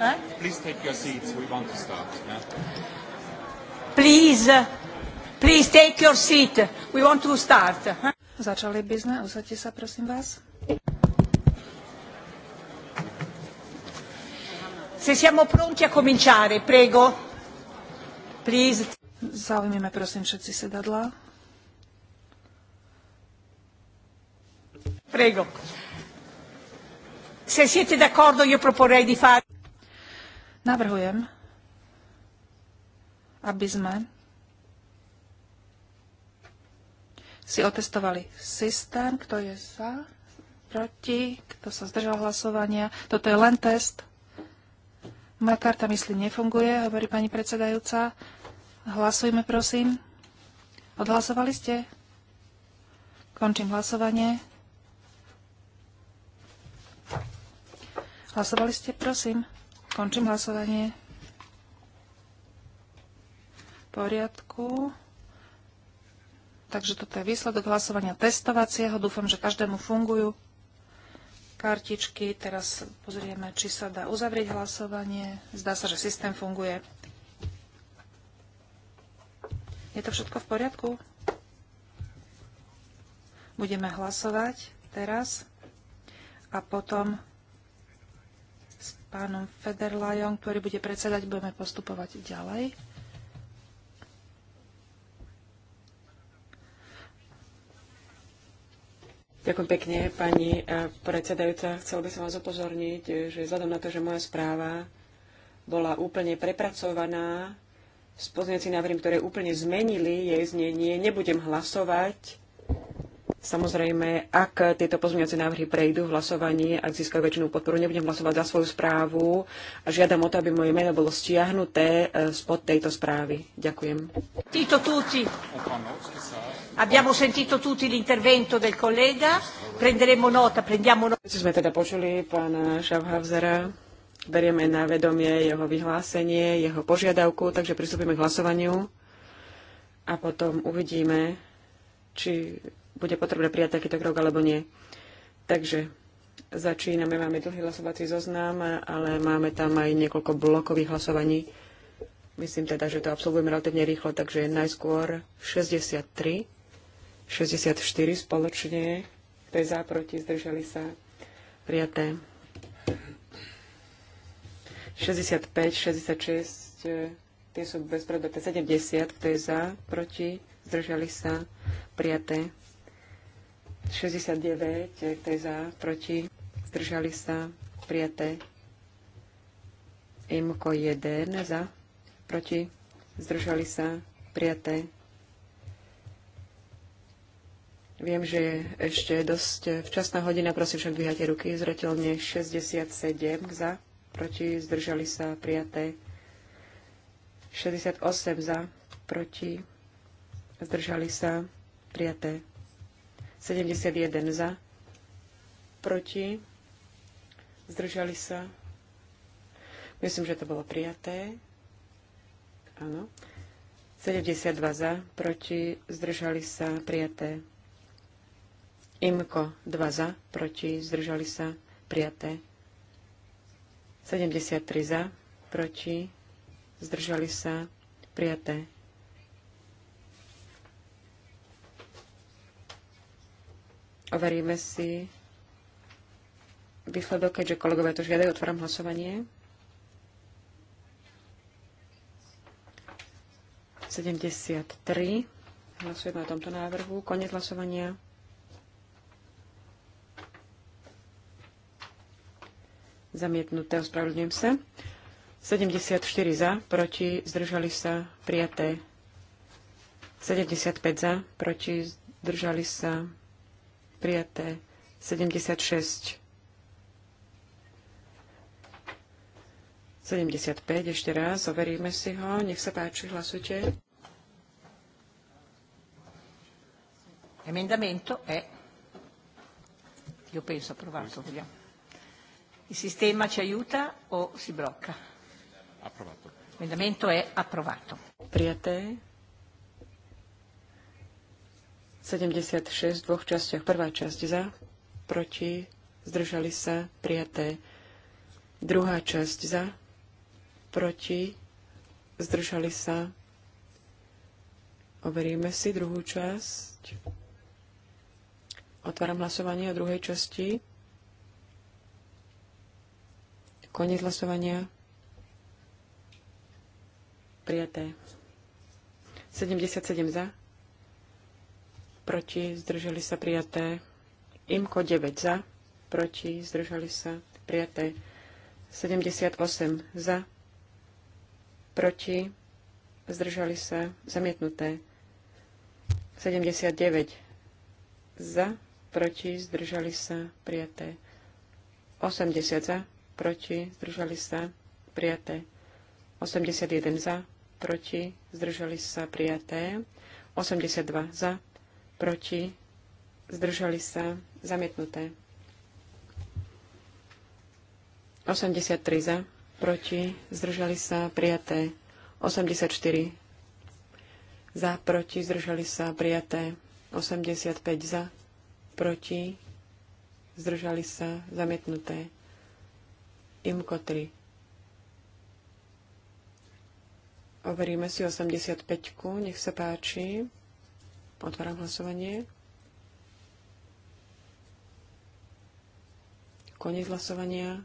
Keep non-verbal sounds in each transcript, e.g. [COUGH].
Huh? Please take your seats. We want to start. Yeah? Please, please take your seat. We want to start. Huh? Začali by sme. Usadte sa, prosím vás. Se siamo pronti a cominciare, prego. Please. prosím, všetci sedadla. Prego. Se siete d'accordo io proporrei di fare Navrhujem, aby sme si otestovali systém, kto je za, proti, kto sa zdržal hlasovania. Toto je len test. Moja karta mysli nefunguje, hovorí pani predsedajúca. Hlasujme, prosím. Odhlasovali ste? Končím hlasovanie. Hlasovali ste, prosím. Končím hlasovanie. V poriadku. Takže toto je výsledok hlasovania testovacieho. Dúfam, že každému fungujú kartičky. Teraz pozrieme, či sa dá uzavrieť hlasovanie. Zdá sa, že systém funguje. Je to všetko v poriadku? Budeme hlasovať teraz a potom pánom Federlajom, ktorý bude predsedať, budeme postupovať ďalej. Ďakujem pekne, pani e, predsedajúca. Chcel by som vás upozorniť, že vzhľadom na to, že moja správa bola úplne prepracovaná s pozniacím návrhom, ktoré úplne zmenili jej znenie, nebudem hlasovať Samozrejme, ak tieto pozmeňovacie návrhy prejdú v hlasovaní, ak získajú väčšinu podporu, nebudem hlasovať za svoju správu a žiadam o to, aby moje meno bolo stiahnuté e, spod tejto správy. Ďakujem. Tito tutti. Abbiamo sentito tutti l'intervento del collega. Prenderemo nota, prendiamo nota. Sme teda počuli pána Schaffhausera. Berieme na vedomie jeho vyhlásenie, jeho požiadavku, takže pristúpime k hlasovaniu a potom uvidíme, či bude potrebné prijať takýto krok alebo nie. Takže začíname, máme dlhý hlasovací zoznam, ale máme tam aj niekoľko blokových hlasovaní. Myslím teda, že to absolvujeme relatívne rýchlo, takže najskôr 63, 64 spoločne, to je za, proti, zdržali sa, prijaté. 65, 66, tie sú bezpredmetné, 70, kto je za, proti, zdržali sa, prijaté. 69, kto je za, proti, zdržali sa, prijaté. Imko 1, za, proti, zdržali sa, prijaté. Viem, že je ešte dosť včasná hodina, prosím však dvíhajte ruky, zretelne 67 za, proti, zdržali sa, prijaté. 68 za, proti, zdržali sa, prijaté. 71 za, proti, zdržali sa. Myslím, že to bolo prijaté. Áno. 72 za, proti, zdržali sa, prijaté. Imko 2 za, proti, zdržali sa, prijaté. 73 za, proti, zdržali sa, prijaté. Overíme si výsledok, keďže kolegovia to žiadajú. Otváram hlasovanie. 73. Hlasujeme o tomto návrhu. Konec hlasovania. Zamietnuté, ospravedlňujem sa. 74 za, proti, zdržali sa, prijaté. 75 za, proti, zdržali sa, prijaté 76. 75 ešte raz, overíme si ho. Nech sa páči, hlasujte. Emendamento è, io penso approvato, vediamo. Il sistema ci aiuta o si blocca? Approvato. Emendamento è approvato. Priate. 76 v dvoch častiach. Prvá časť za, proti, zdržali sa, prijaté. Druhá časť za, proti, zdržali sa. Overíme si druhú časť. Otváram hlasovanie o druhej časti. Koniec hlasovania. Prijaté. 77 za, proti, zdržali sa prijaté. Imko 9 za, proti, zdržali sa prijaté. 78 za, proti, zdržali sa zamietnuté. 79 za, proti, zdržali sa prijaté. 80 za, proti, zdržali sa prijaté. 81 za, proti, zdržali sa prijaté. 82 za, proti, zdržali sa, zamietnuté. 83 za, proti, zdržali sa, prijaté. 84 za, proti, zdržali sa, prijaté. 85 za, proti, zdržali sa, zamietnuté. Imko 3. Overíme si 85, nech sa páči. Otváram hlasovanie. Koniec hlasovania.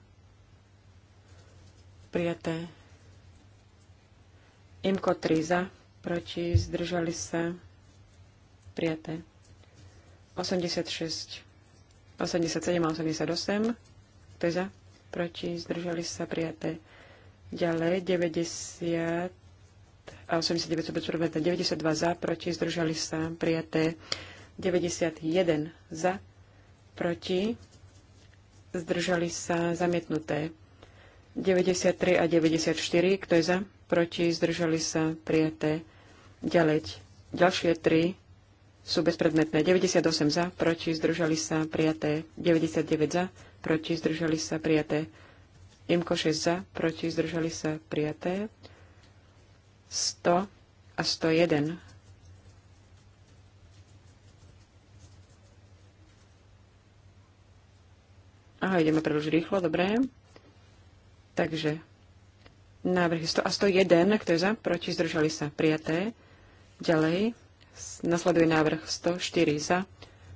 Prijaté. Imko 3 za, proti, zdržali sa. Prijaté. 86, 87 a 88. Kto je za? Proti, zdržali sa. Prijaté. Ďalej 90 a 89 sú 92 za, proti, zdržali sa, prijaté 91 za, proti, zdržali sa, zamietnuté 93 a 94, kto je za, proti, zdržali sa, prijaté ďalej. Ďalšie tri sú bezpredmetné. 98 za, proti, zdržali sa, prijaté. 99 za, proti, zdržali sa, prijaté. Imko 6 za, proti, zdržali sa, prijaté. 100 a 101. Aha, ideme príliš rýchlo, dobré. Takže návrhy 100 a 101, kto je za, proti, zdržali sa, prijaté. Ďalej nasleduje návrh 104 za,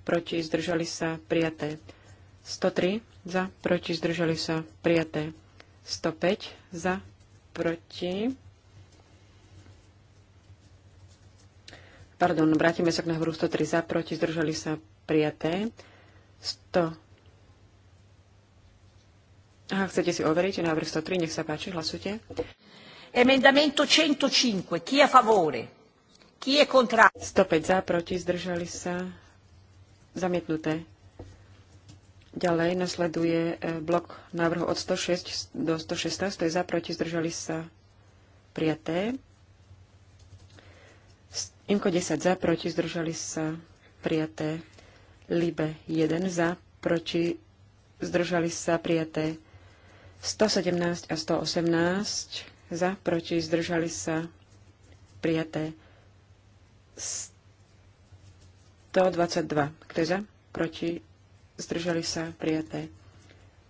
proti, zdržali sa, prijaté. 103 za, proti, zdržali sa, prijaté. 105 za, proti, Pardon, vrátime sa k návrhu 103 za, proti, zdržali sa prijaté. 100. Aha, chcete si overiť návrh 103, nech sa páči, hlasujte. Emendamento 105, chi favore? Chi è 105 za, proti, zdržali sa. Zamietnuté. Ďalej nasleduje e, blok návrhu od 106 do 116, to je za, proti, zdržali sa. Prijaté. Imko 10 za, proti, zdržali sa prijaté. Libe 1 za, proti, zdržali sa prijaté. 117 a 118 za, proti, zdržali sa prijaté. 122. Kto je za? Proti, zdržali sa prijaté.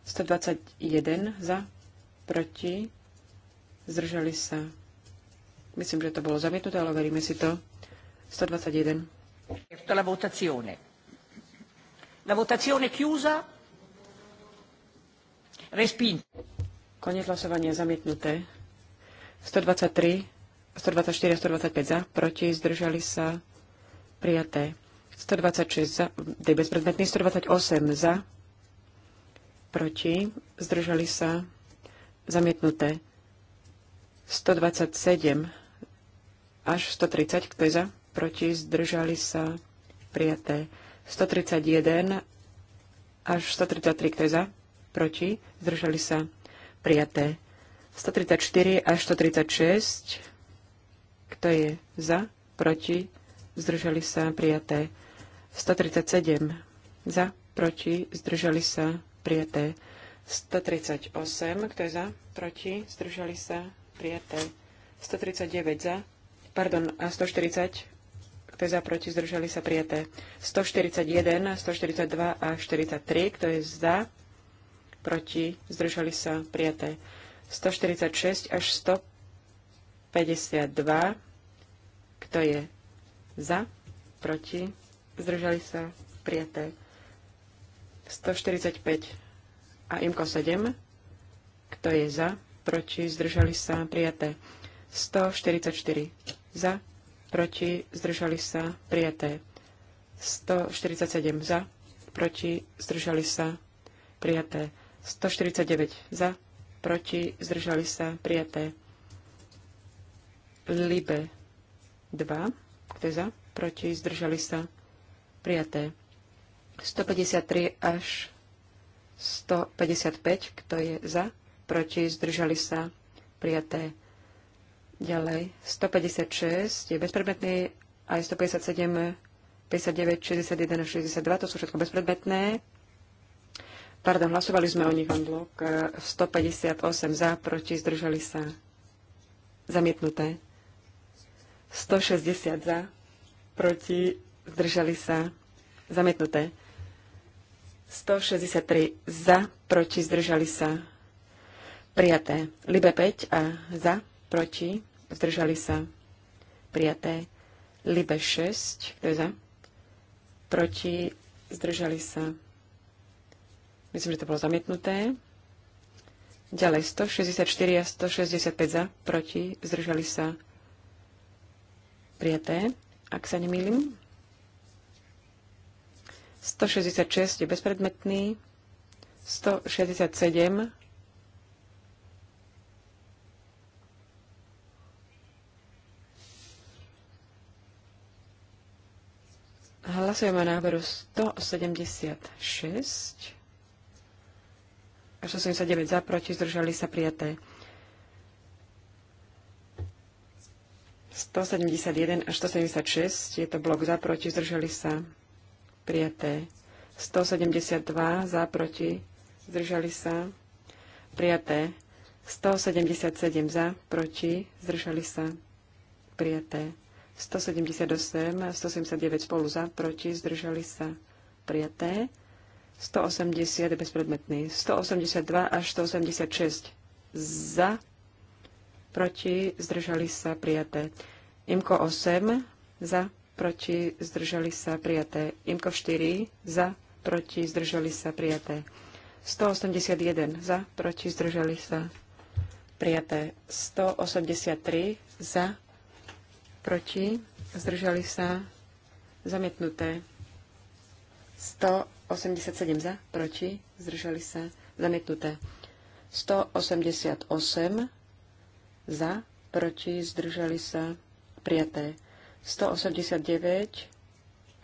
121 za, proti, zdržali sa. Myslím, že to bolo zamietnuté, ale veríme si to. 121. La votazione. La votazione chiusa. Respinto. Konec hlasovania zamietnuté. 123, 124 125 za, proti, zdržali sa, prijaté. 126 za, je bezpredmetný, 128 za, proti, zdržali sa, zamietnuté. 127 až 130, kto je za? proti, zdržali sa, prijaté. 131 až 133, kto je za, proti, zdržali sa, prijaté. 134 až 136, kto je za, proti, zdržali sa, prijaté. 137 za, proti, zdržali sa, prijaté. 138, kto je za, proti, zdržali sa, prijaté. 139 za, pardon, a 140 kto je za, proti, zdržali sa prijaté. 141, 142 a 43. Kto je za, proti, zdržali sa prijaté. 146 až 152. Kto je za, proti, zdržali sa prijaté. 145 a IMKO 7. Kto je za, proti, zdržali sa prijaté. 144 za, proti, zdržali sa, prijaté. 147 za, proti, zdržali sa, prijaté. 149 za, proti, zdržali sa, prijaté. Libe 2, kto je za, proti, zdržali sa, prijaté. 153 až 155, kto je za, proti, zdržali sa, prijaté. Ďalej, 156 je bezpredmetný, aj 157, 59, 61 a 62, to sú všetko bezpredmetné. Pardon, hlasovali sme o nich on blok. 158 za, proti, zdržali sa. Zamietnuté. 160 za, proti, zdržali sa. Zamietnuté. 163 za, proti, zdržali sa. Prijaté. Libe 5 a za, proti, zdržali sa prijaté. Libe 6, kto je za, proti, zdržali sa, myslím, že to bolo zamietnuté. Ďalej 164 a 165 za, proti, zdržali sa prijaté, ak sa nemýlim. 166 je bezpredmetný, 167 Hlasujeme o návrhu 176. Až 89 za, proti, zdržali sa prijaté. 171 až 176 je to blok za, proti, zdržali sa prijaté. 172 za, proti, zdržali sa prijaté. 177 za, proti, zdržali sa prijaté. 178, 179 spolu za, proti, zdržali sa prijaté. 180 je bezpredmetný. 182 až 186 za, proti, zdržali sa prijaté. Imko 8 za, proti, zdržali sa prijaté. Imko 4 za, proti, zdržali sa prijaté. 181 za, proti, zdržali sa prijaté. 183 za, proti, zdržali sa, zamietnuté. 187 za, proti, zdržali sa, zamietnuté. 188 za, proti, zdržali sa, prijaté. 189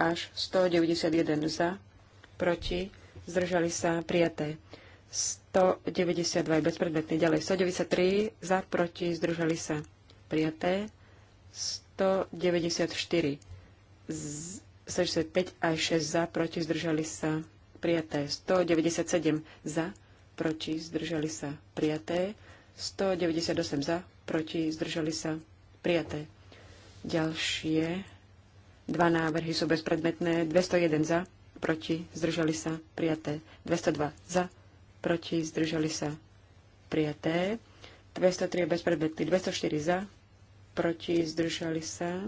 až 191 za, proti, zdržali sa, prijaté. 192 bezpredmetné ďalej 193 za, proti, zdržali sa, prijaté. 100 194. Z 65 aj 6 za, proti, zdržali sa, prijaté. 197 za, proti, zdržali sa, prijaté. 198 za, proti, zdržali sa, prijaté. Ďalšie dva návrhy sú bezpredmetné. 201 za, proti, zdržali sa, prijaté. 202 za, proti, zdržali sa, prijaté. 203 je bezpredmetný, 204 za, proti, zdržali sa,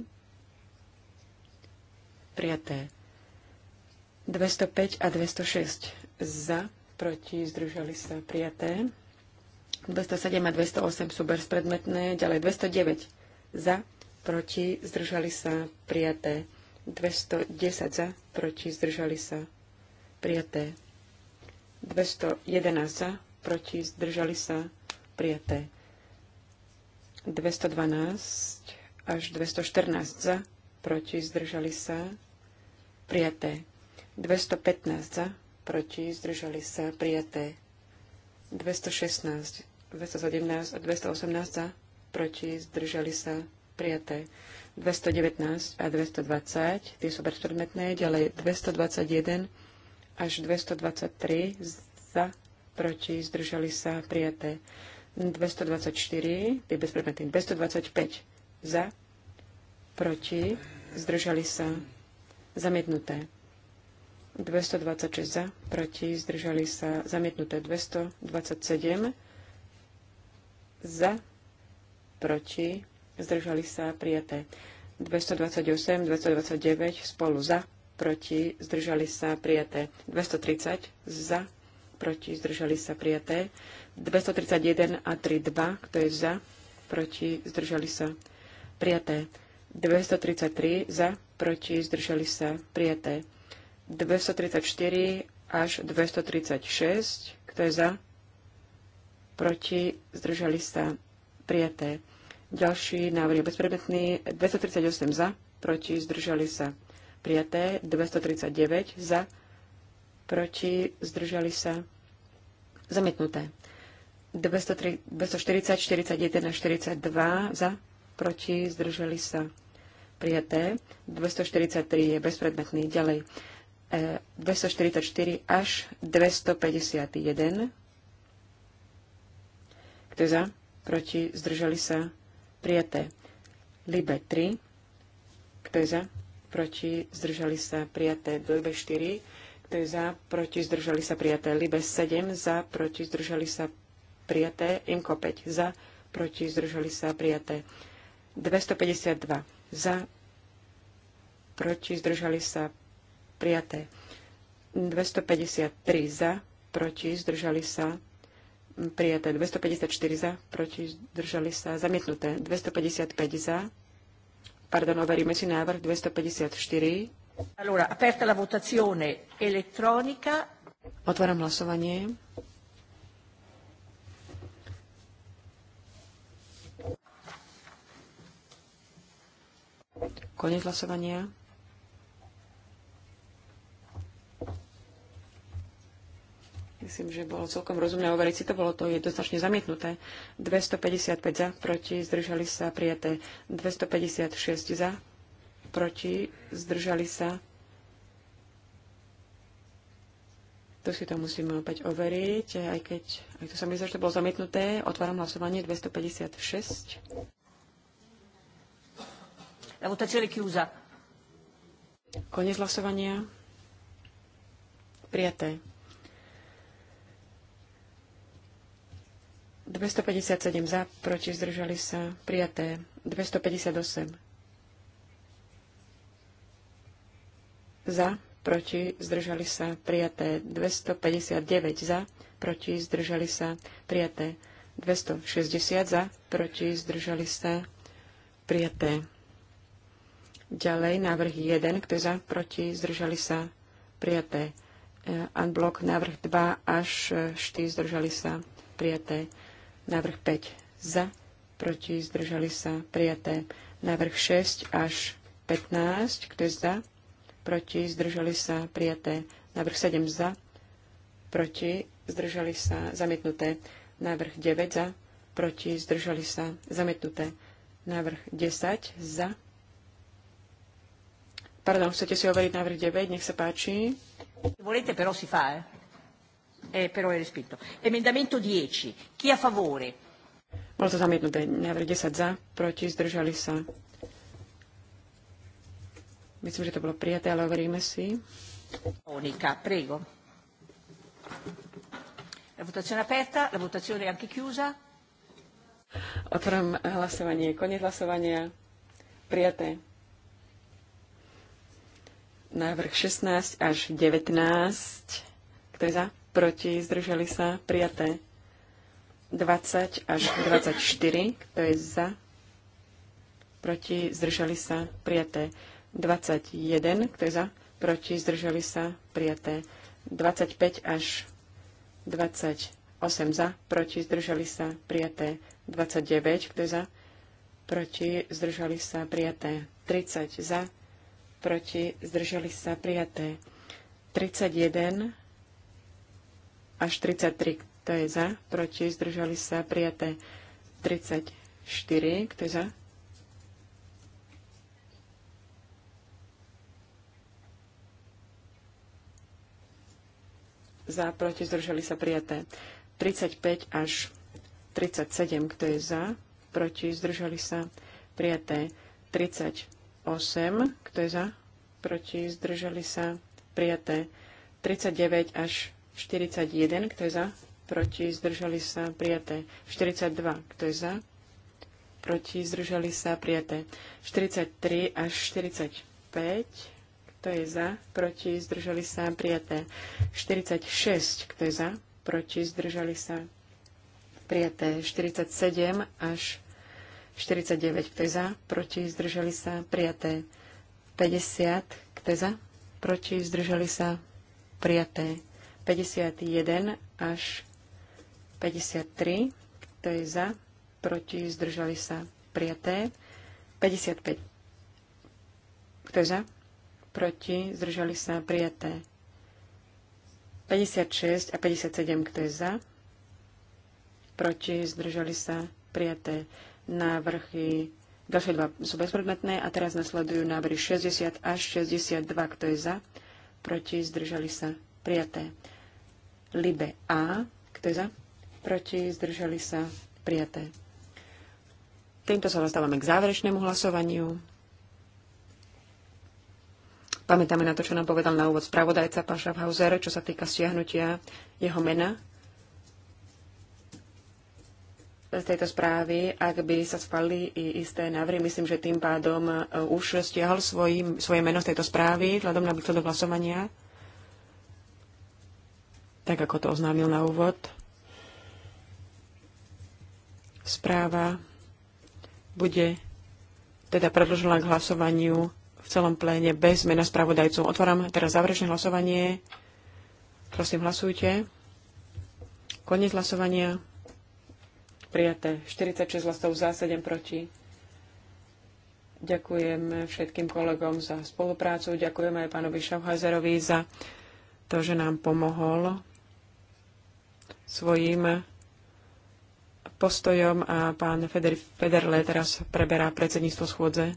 prijaté. 205 a 206 za, proti, zdržali sa, prijaté. 207 a 208 sú bezpredmetné, ďalej 209 za, proti, zdržali sa, prijaté. 210 za, proti, zdržali sa, prijaté. 211 za, proti, zdržali sa, prijaté. 212 až 214 za, proti zdržali sa, prijaté. 215 za, proti zdržali sa, prijaté. 216, 217 a 218 za, proti zdržali sa, prijaté. 219 a 220, tie sú bezpredmetné, ďalej 221 až 223 za, proti zdržali sa, prijaté. 224, je bezpredmetný. 225 za, proti, zdržali sa, zamietnuté. 226 za, proti, zdržali sa, zamietnuté. 227 za, proti, zdržali sa, prijaté. 228, 229 spolu za, proti, zdržali sa, prijaté. 230 za, proti, zdržali sa, prijaté. 231 a 32, kto je za, proti, zdržali sa, prijaté. 233 za, proti, zdržali sa, prijaté. 234 až 236, kto je za, proti, zdržali sa, prijaté. Ďalší návrh je bezpredmetný, 238 za, proti, zdržali sa, prijaté. 239 za, proti, zdržali sa, zamietnuté. 241 240, 41 a 42 za, proti, zdržali sa prijaté. 243 je bezpredmetný. Ďalej 244 e, až 251. Kto je za? Proti, zdržali sa prijaté. Libe 3. Kto je za? Proti, zdržali sa prijaté. Libe 4. Kto je za? Proti, zdržali sa prijaté. Libe 7. Za, proti, zdržali sa prijaté prijaté, Imko 5 za, proti zdržali sa prijaté 252 za, proti zdržali sa prijaté 253 za, proti zdržali sa prijaté 254 za, proti zdržali sa zamietnuté 255 za. Pardon, overíme si návrh 254. Allora, aperta la votazione elettronica. Otváram hlasovanie. Konec hlasovania. Myslím, že bolo celkom rozumné overiť si to, bolo to jednoznačne zamietnuté. 255 za, proti, zdržali sa, prijaté. 256 za, proti, zdržali sa. To si to musíme opäť overiť, aj keď, aj to sa mi zdá, že to bolo zamietnuté. Otváram hlasovanie 256. La votazione chiusa. Konec hlasovania. Prijaté. 257 za, proti zdržali sa, prijaté. 258 za, proti zdržali sa, prijaté. 259 za, proti zdržali sa, prijaté. 260 za, proti zdržali sa, prijaté. Ďalej návrh 1, kto je za, proti, zdržali sa, prijaté. E, unblock návrh 2 až 4, zdržali sa, prijaté. Návrh 5, za, proti, zdržali sa, prijaté. Návrh 6 až 15, kto je za, proti, zdržali sa, prijaté. Návrh 7 za, proti, zdržali sa, zamietnuté. Návrh 9 za, proti, zdržali sa, zamietnuté. Návrh 10 za, Pardon, chcete si overiť návrh 9, nech sa páči. Volete però si fa, eh? eh però è respinto. Emendamento 10. Chi a favore? Bolo to zamietnuté. Návrh 10 za, proti, zdržali sa. Myslím, že to bolo prijaté, ale overíme si. Monika, prego. La votazione aperta, la votazione anche chiusa. Otvorím hlasovanie. Koniec hlasovania. Prijaté. Návrh 16 až 19. Kto je za? Proti? Zdržali sa? Prijaté. 20 až 24. Kto je za? Proti? Zdržali sa? Prijaté. 21. Kto je za? Proti? Zdržali sa? Prijaté. 25 až 28 za, proti zdržali sa prijaté 29, kto je za, proti zdržali sa prijaté 30 za, proti, zdržali sa prijaté. 31 až 33, kto je za, proti, zdržali sa prijaté. 34, kto je za, za, proti, zdržali sa prijaté. 35 až 37, kto je za, proti, zdržali sa prijaté. 30 kto je za, proti, zdržali sa, prijaté. 39 až 41, kto je za, proti, zdržali sa, prijaté. 42, kto je za, proti, zdržali sa, prijaté. 43 až 45, kto je za, proti, zdržali sa, prijaté. 46, kto je za, proti, zdržali sa, prijaté. 47 až 49, kto je za, proti, zdržali sa, prijaté. 50, kto je za, proti, zdržali sa, prijaté. 51 až 53, kto je za, proti, zdržali sa, prijaté. 55, kto je za, proti, zdržali sa, prijaté. 56 a 57, kto je za, proti, zdržali sa, prijaté. Návrhy ďalšie dva sú bezpredmetné a teraz nasledujú návrhy 60 až 62. Kto je za? Proti? Zdržali sa? Prijaté. Libe A. Kto je za? Proti? Zdržali sa? Prijaté. Týmto sa dostávame k záverečnému hlasovaniu. Pamätáme na to, čo nám povedal na úvod spravodajca pán Schaffhauser, čo sa týka stiahnutia jeho mena z tejto správy, ak by sa schválili i isté návrhy. Myslím, že tým pádom e, už stiahol svoj, svoje meno z tejto správy vzhľadom na výsledok hlasovania, tak ako to oznámil na úvod. Správa bude teda predložená k hlasovaniu v celom pléne bez mena spravodajcov. Otváram teraz záverečné hlasovanie. Prosím, hlasujte. Koniec hlasovania prijaté. 46 hlasov za, 7 proti. Ďakujem všetkým kolegom za spoluprácu. Ďakujem aj pánovi Šauhajzerovi za to, že nám pomohol svojim postojom a pán Feder, Federle teraz preberá predsedníctvo schôdze.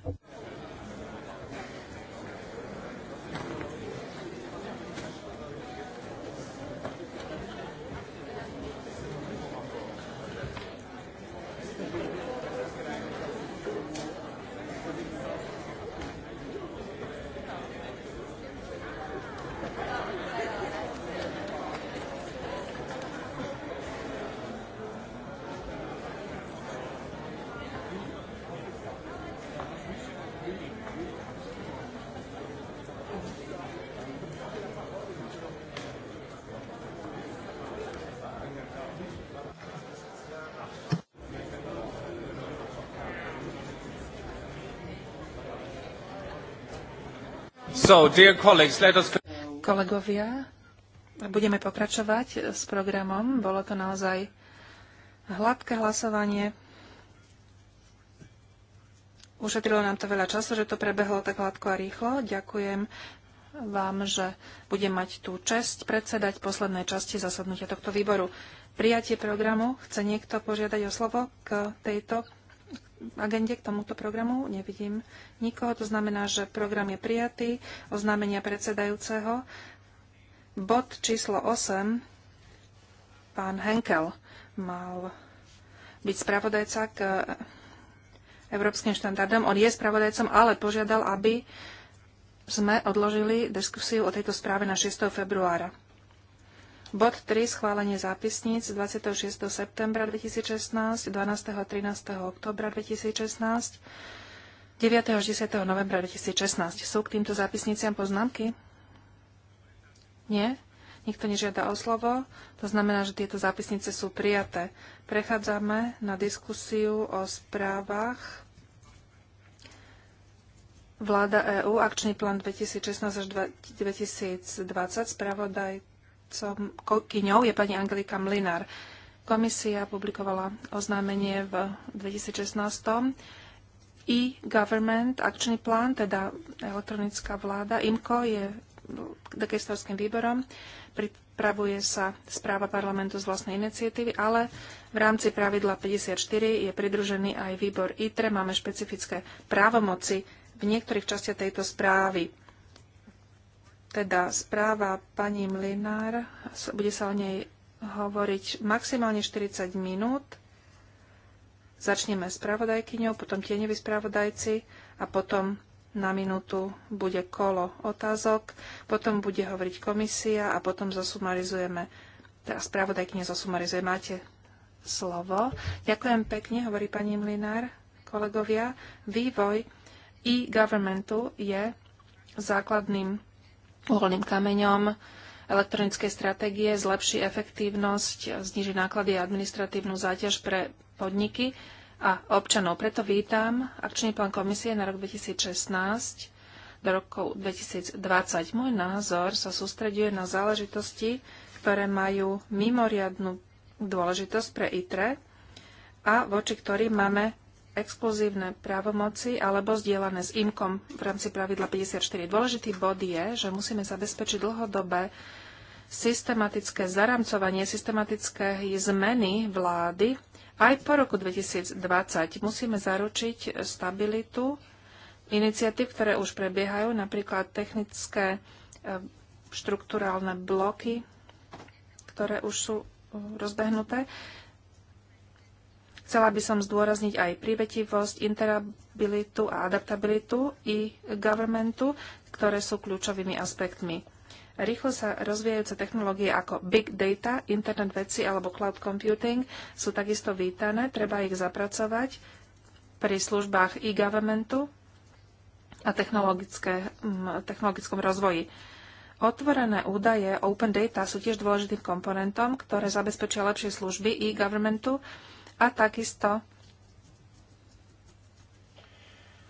So, dear colleagues, let us... Kolegovia, budeme pokračovať s programom. Bolo to naozaj hladké hlasovanie. Ušetrilo nám to veľa času, že to prebehlo tak hladko a rýchlo. Ďakujem vám, že budem mať tú čest predsedať poslednej časti zasadnutia tohto výboru. Prijatie programu. Chce niekto požiadať o slovo k tejto agende, k tomuto programu? Nevidím nikoho. To znamená, že program je prijatý. Oznámenia predsedajúceho. Bod číslo 8. Pán Henkel mal byť spravodajca k európskym štandardom. On je spravodajcom, ale požiadal, aby sme odložili diskusiu o tejto správe na 6. februára. Bod 3. Schválenie zápisníc 26. septembra 2016, 12. a 13. oktobra 2016, 9. až 10. novembra 2016. Sú k týmto zápisniciam poznámky? Nie? Nikto nežiada o slovo. To znamená, že tieto zápisnice sú prijaté. Prechádzame na diskusiu o správach Vláda EÚ, akčný plán 2016 až 2020, spravodaj kokyňou je pani Angelika Mlinár. Komisia publikovala oznámenie v 2016. E-Government, action plan, teda elektronická vláda, IMCO je dekestorským výborom, pripravuje sa správa parlamentu z vlastnej iniciatívy, ale v rámci pravidla 54 je pridružený aj výbor ITRE, máme špecifické právomoci v niektorých častiach tejto správy teda správa pani Mlinár, bude sa o nej hovoriť maximálne 40 minút. Začneme spravodajkyňou, potom tieňoví spravodajci a potom na minútu bude kolo otázok, potom bude hovoriť komisia a potom zasumarizujeme, teda spravodajkyne zasumarizuje. Máte slovo. Ďakujem pekne, hovorí pani Mlinár, kolegovia. Vývoj e-governmentu je základným uholným kameňom elektronickej stratégie, zlepší efektívnosť, zniží náklady a administratívnu záťaž pre podniky a občanov. Preto vítam akčný plán komisie na rok 2016 do roku 2020. Môj názor sa sústreďuje na záležitosti, ktoré majú mimoriadnú dôležitosť pre ITRE a voči ktorým máme exkluzívne právomoci alebo zdieľané s IMKOM v rámci pravidla 54. Dôležitý bod je, že musíme zabezpečiť dlhodobé systematické zaramcovanie, systematické zmeny vlády aj po roku 2020. Musíme zaručiť stabilitu iniciatív, ktoré už prebiehajú, napríklad technické e, štruktúrálne bloky, ktoré už sú e, rozbehnuté. Chcela by som zdôrazniť aj privetivosť, interabilitu a adaptabilitu i governmentu, ktoré sú kľúčovými aspektmi. Rýchlo sa rozvíjajúce technológie ako big data, internet veci alebo cloud computing sú takisto vítané, treba ich zapracovať pri službách e-governmentu a mm, technologickom rozvoji. Otvorené údaje, open data, sú tiež dôležitým komponentom, ktoré zabezpečia lepšie služby e-governmentu a takisto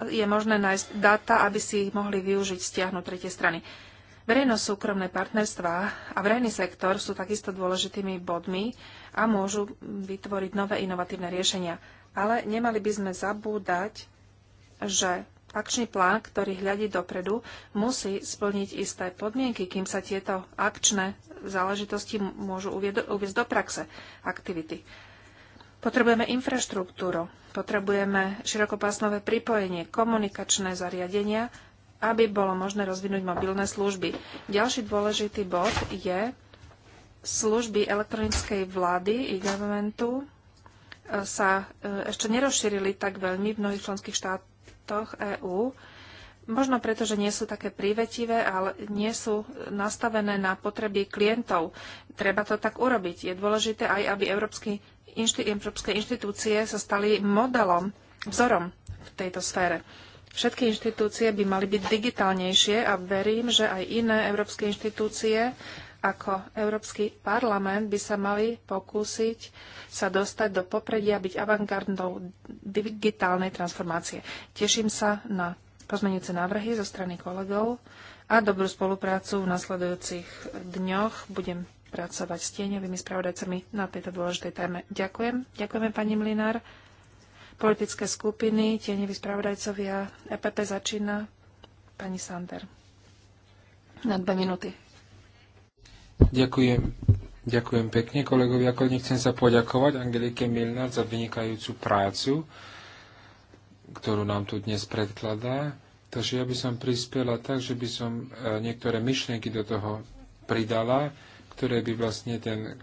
je možné nájsť data, aby si ich mohli využiť stiahnuť tretie strany. Verejno-súkromné partnerstvá a verejný sektor sú takisto dôležitými bodmi a môžu vytvoriť nové inovatívne riešenia. Ale nemali by sme zabúdať, že akčný plán, ktorý hľadí dopredu, musí splniť isté podmienky, kým sa tieto akčné záležitosti môžu uviezť do praxe aktivity. Potrebujeme infraštruktúru, potrebujeme širokopásnové pripojenie, komunikačné zariadenia, aby bolo možné rozvinúť mobilné služby. Ďalší dôležitý bod je služby elektronickej vlády i governmentu e, sa e, ešte nerozšírili tak veľmi v mnohých členských štátoch EÚ. Možno preto, že nie sú také prívetivé, ale nie sú nastavené na potreby klientov. Treba to tak urobiť. Je dôležité aj, aby európsky európske inštitúcie sa stali modelom, vzorom v tejto sfére. Všetky inštitúcie by mali byť digitálnejšie a verím, že aj iné európske inštitúcie ako Európsky parlament by sa mali pokúsiť sa dostať do popredia, byť avantgardnou digitálnej transformácie. Teším sa na pozmenujúce návrhy zo strany kolegov a dobrú spoluprácu v nasledujúcich dňoch. Budem pracovať s tieňovými spravodajcami na tejto dôležitej téme. Ďakujem. Ďakujeme, pani Mlinár. Politické skupiny, tieňoví spravodajcovia, EPP začína. Pani Sander. Na dve minúty. Ďakujem. Ďakujem pekne, kolegovi. Ako nechcem sa poďakovať Angelike Milnár za vynikajúcu prácu, ktorú nám tu dnes predkladá. Takže ja by som prispela tak, že by som e, niektoré myšlienky do toho pridala ktoré by vlastne ten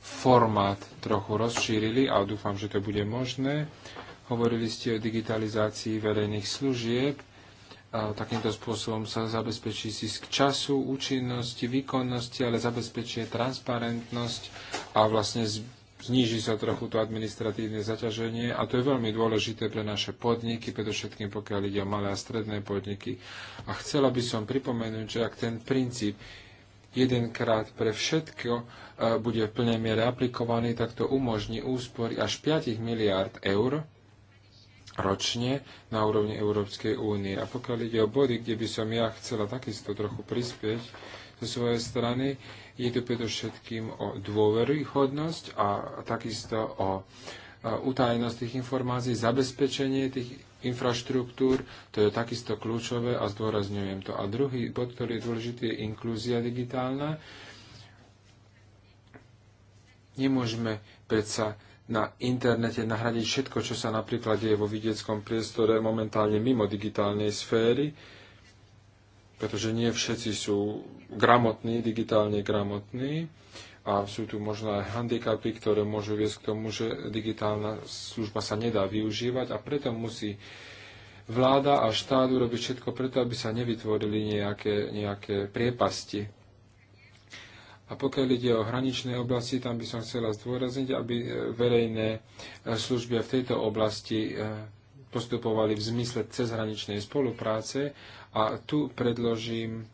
formát trochu rozšírili a dúfam, že to bude možné. Hovorili ste o digitalizácii verejných služieb. A takýmto spôsobom sa zabezpečí zisk času, účinnosti, výkonnosti, ale zabezpečí transparentnosť a vlastne zníži sa trochu to administratívne zaťaženie a to je veľmi dôležité pre naše podniky, predovšetkým pokiaľ ide o malé a stredné podniky. A chcela by som pripomenúť, že ak ten princíp jedenkrát pre všetko e, bude v plnej miere aplikovaný, tak to umožní úspory až 5 miliard eur ročne na úrovni Európskej únie. A pokiaľ ide o body, kde by som ja chcela takisto trochu prispieť zo svojej strany, je to predovšetkým o dôveryhodnosť a takisto o e, utajnosť tých informácií, zabezpečenie tých infraštruktúr, to je takisto kľúčové a zdôrazňujem to. A druhý bod, ktorý je dôležitý, je inklúzia digitálna. Nemôžeme predsa na internete nahradiť všetko, čo sa napríklad deje vo vidieckom priestore momentálne mimo digitálnej sféry, pretože nie všetci sú gramotní, digitálne gramotní a sú tu možno aj handicapy, ktoré môžu viesť k tomu, že digitálna služba sa nedá využívať a preto musí vláda a štát urobiť všetko preto, aby sa nevytvorili nejaké, nejaké priepasti. A pokiaľ ide o hraničné oblasti, tam by som chcela zdôrazniť, aby e, verejné e, služby v tejto oblasti e, postupovali v zmysle cezhraničnej spolupráce a tu predložím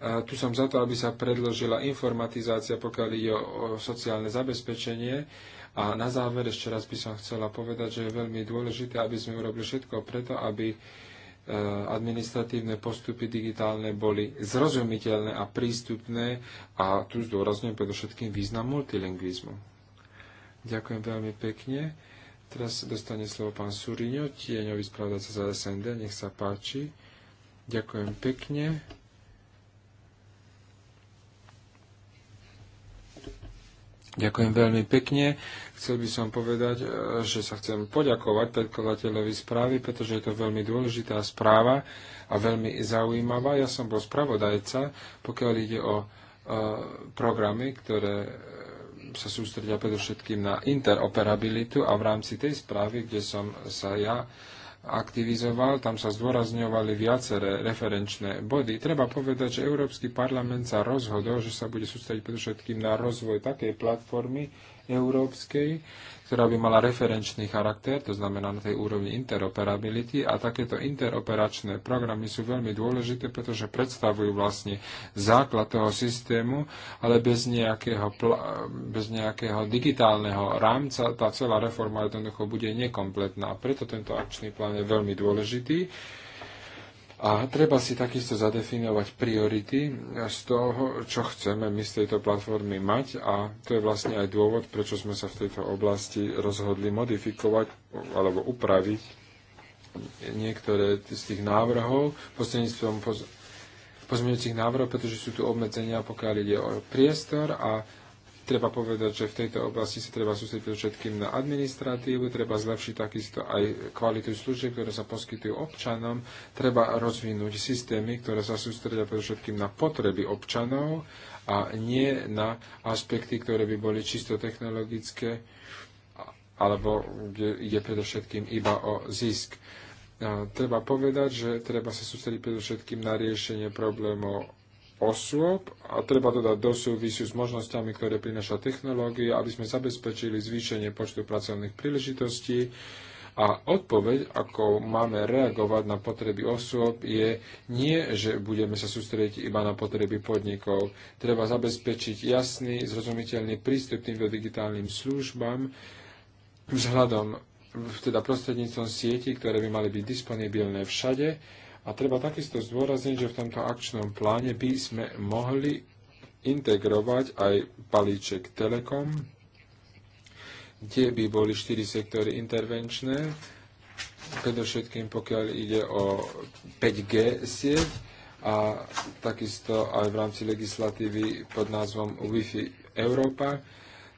tu som za to, aby sa predložila informatizácia, pokiaľ ide o sociálne zabezpečenie. A na záver ešte raz by som chcela povedať, že je veľmi dôležité, aby sme urobili všetko preto, aby e, administratívne postupy digitálne boli zrozumiteľné a prístupné a tu zdôrazňujem predovšetkým význam multilingvizmu. Ďakujem veľmi pekne. Teraz dostane slovo pán Suriňo, tieňový spravodajca za SND, nech sa páči. Ďakujem pekne. Ďakujem veľmi pekne. Chcel by som povedať, e, že sa chcem poďakovať predkladateľovi správy, pretože je to veľmi dôležitá správa a veľmi zaujímavá. Ja som bol spravodajca, pokiaľ ide o e, programy, ktoré e, sa sústredia predovšetkým na interoperabilitu a v rámci tej správy, kde som sa ja aktivizoval, tam sa zdôrazňovali viaceré referenčné body. Treba povedať, že Európsky parlament sa rozhodol, že sa bude sústrediť predovšetkým na rozvoj takej platformy, európskej, ktorá by mala referenčný charakter, to znamená na tej úrovni interoperability a takéto interoperačné programy sú veľmi dôležité, pretože predstavujú vlastne základ toho systému, ale bez nejakého, bez nejakého digitálneho rámca tá celá reforma jednoducho bude nekompletná. Preto tento akčný plán je veľmi dôležitý. A treba si takisto zadefinovať priority z toho, čo chceme my z tejto platformy mať a to je vlastne aj dôvod, prečo sme sa v tejto oblasti rozhodli modifikovať alebo upraviť niektoré z tých návrhov prostredníctvom poz pozmeňujúcich návrhov, pretože sú tu obmedzenia, pokiaľ ide o priestor a treba povedať, že v tejto oblasti sa treba sústrediť všetkým na administratívu, treba zlepšiť takisto aj kvalitu služieb, ktoré sa poskytujú občanom, treba rozvinúť systémy, ktoré sa sústredia predovšetkým na potreby občanov a nie na aspekty, ktoré by boli čisto technologické, alebo kde ide predovšetkým iba o zisk. A treba povedať, že treba sa sústrediť predovšetkým na riešenie problémov osôb a treba to dať do súvisu s možnosťami, ktoré prináša technológia, aby sme zabezpečili zvýšenie počtu pracovných príležitostí. A odpoveď, ako máme reagovať na potreby osôb, je nie, že budeme sa sústrediť iba na potreby podnikov. Treba zabezpečiť jasný, zrozumiteľný prístup týmto digitálnym službám vzhľadom teda prostredníctvom sieti, ktoré by mali byť disponibilné všade a treba takisto zdôrazniť, že v tomto akčnom pláne by sme mohli integrovať aj palíček Telekom, kde by boli štyri sektory intervenčné, predovšetkým pokiaľ ide o 5G sieť a takisto aj v rámci legislatívy pod názvom Wi-Fi Európa,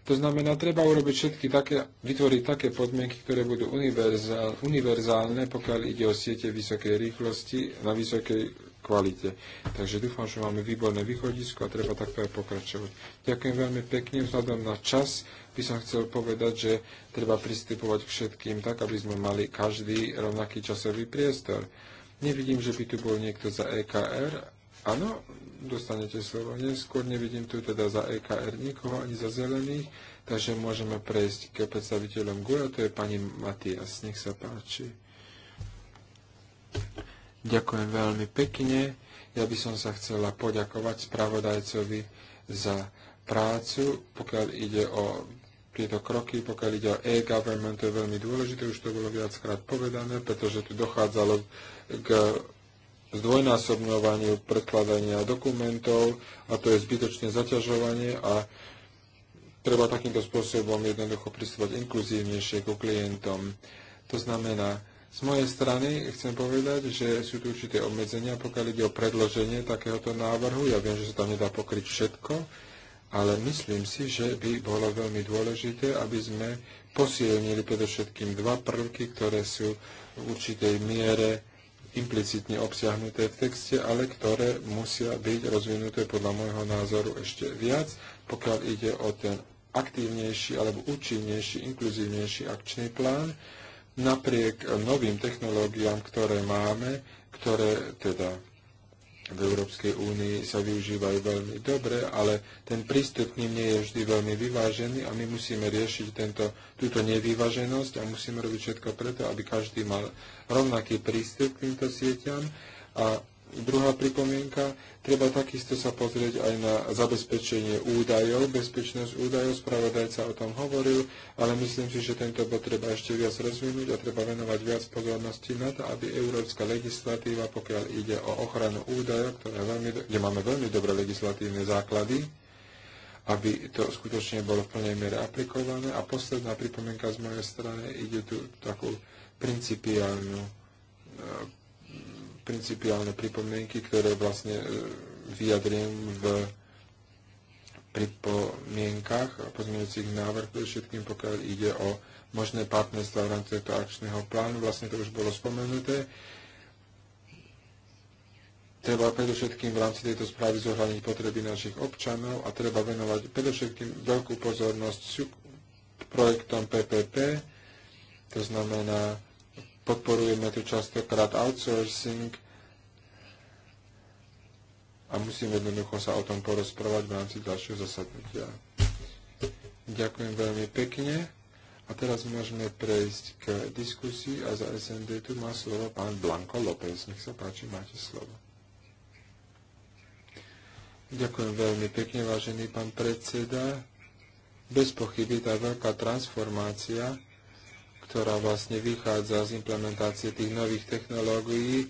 to znamená, treba urobiť všetky také, vytvoriť také podmienky, ktoré budú univerzál, univerzálne, pokiaľ ide o siete vysokej rýchlosti na vysokej kvalite. Takže dúfam, že máme výborné východisko a treba takto aj pokračovať. Ďakujem veľmi pekne. Vzhľadom na čas by som chcel povedať, že treba pristupovať k všetkým tak, aby sme mali každý rovnaký časový priestor. Nevidím, že by tu bol niekto za EKR. Áno, dostanete slovo neskôr. Nevidím tu teda za EKR nikoho ani za zelených, takže môžeme prejsť ke predstaviteľom GUE, to je pani Matias, nech sa páči. Ďakujem veľmi pekne. Ja by som sa chcela poďakovať spravodajcovi za prácu, pokiaľ ide o tieto kroky, pokiaľ ide o e-government, to je veľmi dôležité, už to bolo viackrát povedané, pretože tu dochádzalo k zdvojnásobňovaniu predkladania dokumentov a to je zbytočné zaťažovanie a treba takýmto spôsobom jednoducho pristúpať inkluzívnejšie ku klientom. To znamená, z mojej strany chcem povedať, že sú tu určité obmedzenia, pokiaľ ide o predloženie takéhoto návrhu. Ja viem, že sa tam nedá pokryť všetko, ale myslím si, že by bolo veľmi dôležité, aby sme posilnili predovšetkým dva prvky, ktoré sú v určitej miere implicitne obsiahnuté v texte, ale ktoré musia byť rozvinuté podľa môjho názoru ešte viac, pokiaľ ide o ten aktívnejší alebo účinnejší, inkluzívnejší akčný plán, napriek novým technológiám, ktoré máme, ktoré teda v Európskej únii sa využívajú veľmi dobre, ale ten prístup k nim nie je vždy veľmi vyvážený a my musíme riešiť tento, túto nevyváženosť a musíme robiť všetko preto, aby každý mal rovnaký prístup k týmto sieťam a druhá pripomienka, treba takisto sa pozrieť aj na zabezpečenie údajov, bezpečnosť údajov, spravodajca o tom hovoril, ale myslím si, že tento bod treba ešte viac rozvinúť a treba venovať viac pozornosti na to, aby európska legislatíva, pokiaľ ide o ochranu údajov, ktoré veľmi, kde máme veľmi dobré legislatívne základy, aby to skutočne bolo v plnej miere aplikované. A posledná pripomienka z mojej strany ide tu takú principiálnu e, principiálne pripomienky, ktoré vlastne e, vyjadriem v pripomienkach a pozmeňujúcich návrh, všetkým pokiaľ ide o možné partnerstva v rámci tohto akčného plánu. Vlastne to už bolo spomenuté. Treba predovšetkým v rámci tejto správy zohľadniť potreby našich občanov a treba venovať predovšetkým veľkú pozornosť projektom PPP, to znamená podporujeme tu častokrát outsourcing a musíme jednoducho sa o tom porozprávať v rámci ďalšieho zasadnutia. Ďakujem veľmi pekne. A teraz môžeme prejsť k diskusii a za SND tu má slovo pán Blanko López. Nech sa páči, máte slovo. Ďakujem veľmi pekne, vážený pán predseda. Bez pochyby tá veľká transformácia, ktorá vlastne vychádza z implementácie tých nových technológií,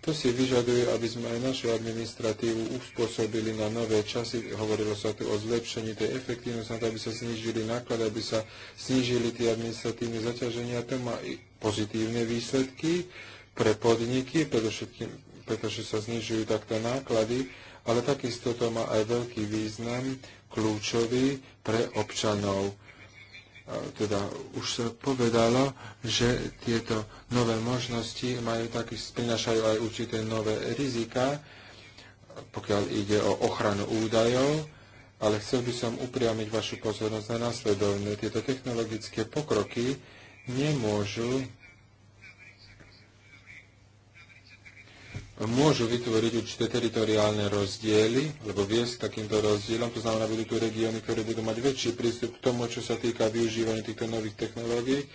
to si vyžaduje, aby sme aj našu administratívu uspôsobili na nové časy. Hovorilo sa tu o zlepšení tej efektívnosti, aby sa znížili náklady, aby sa znižili tie administratívne zaťaženia. To má i pozitívne výsledky pre podniky, pretože sa znižujú takto náklady, ale takisto to má aj veľký význam kľúčový pre občanov teda už sa povedalo, že tieto nové možnosti majú taký, prinašajú aj určité nové rizika, pokiaľ ide o ochranu údajov, ale chcel by som upriamiť vašu pozornosť na následovné. Tieto technologické pokroky nemôžu môžu vytvoriť určité teritoriálne rozdiely, lebo viesť k takýmto rozdielom, to znamená, budú tu regióny, ktoré budú mať väčší prístup k tomu, čo sa týka využívania týchto nových technológií.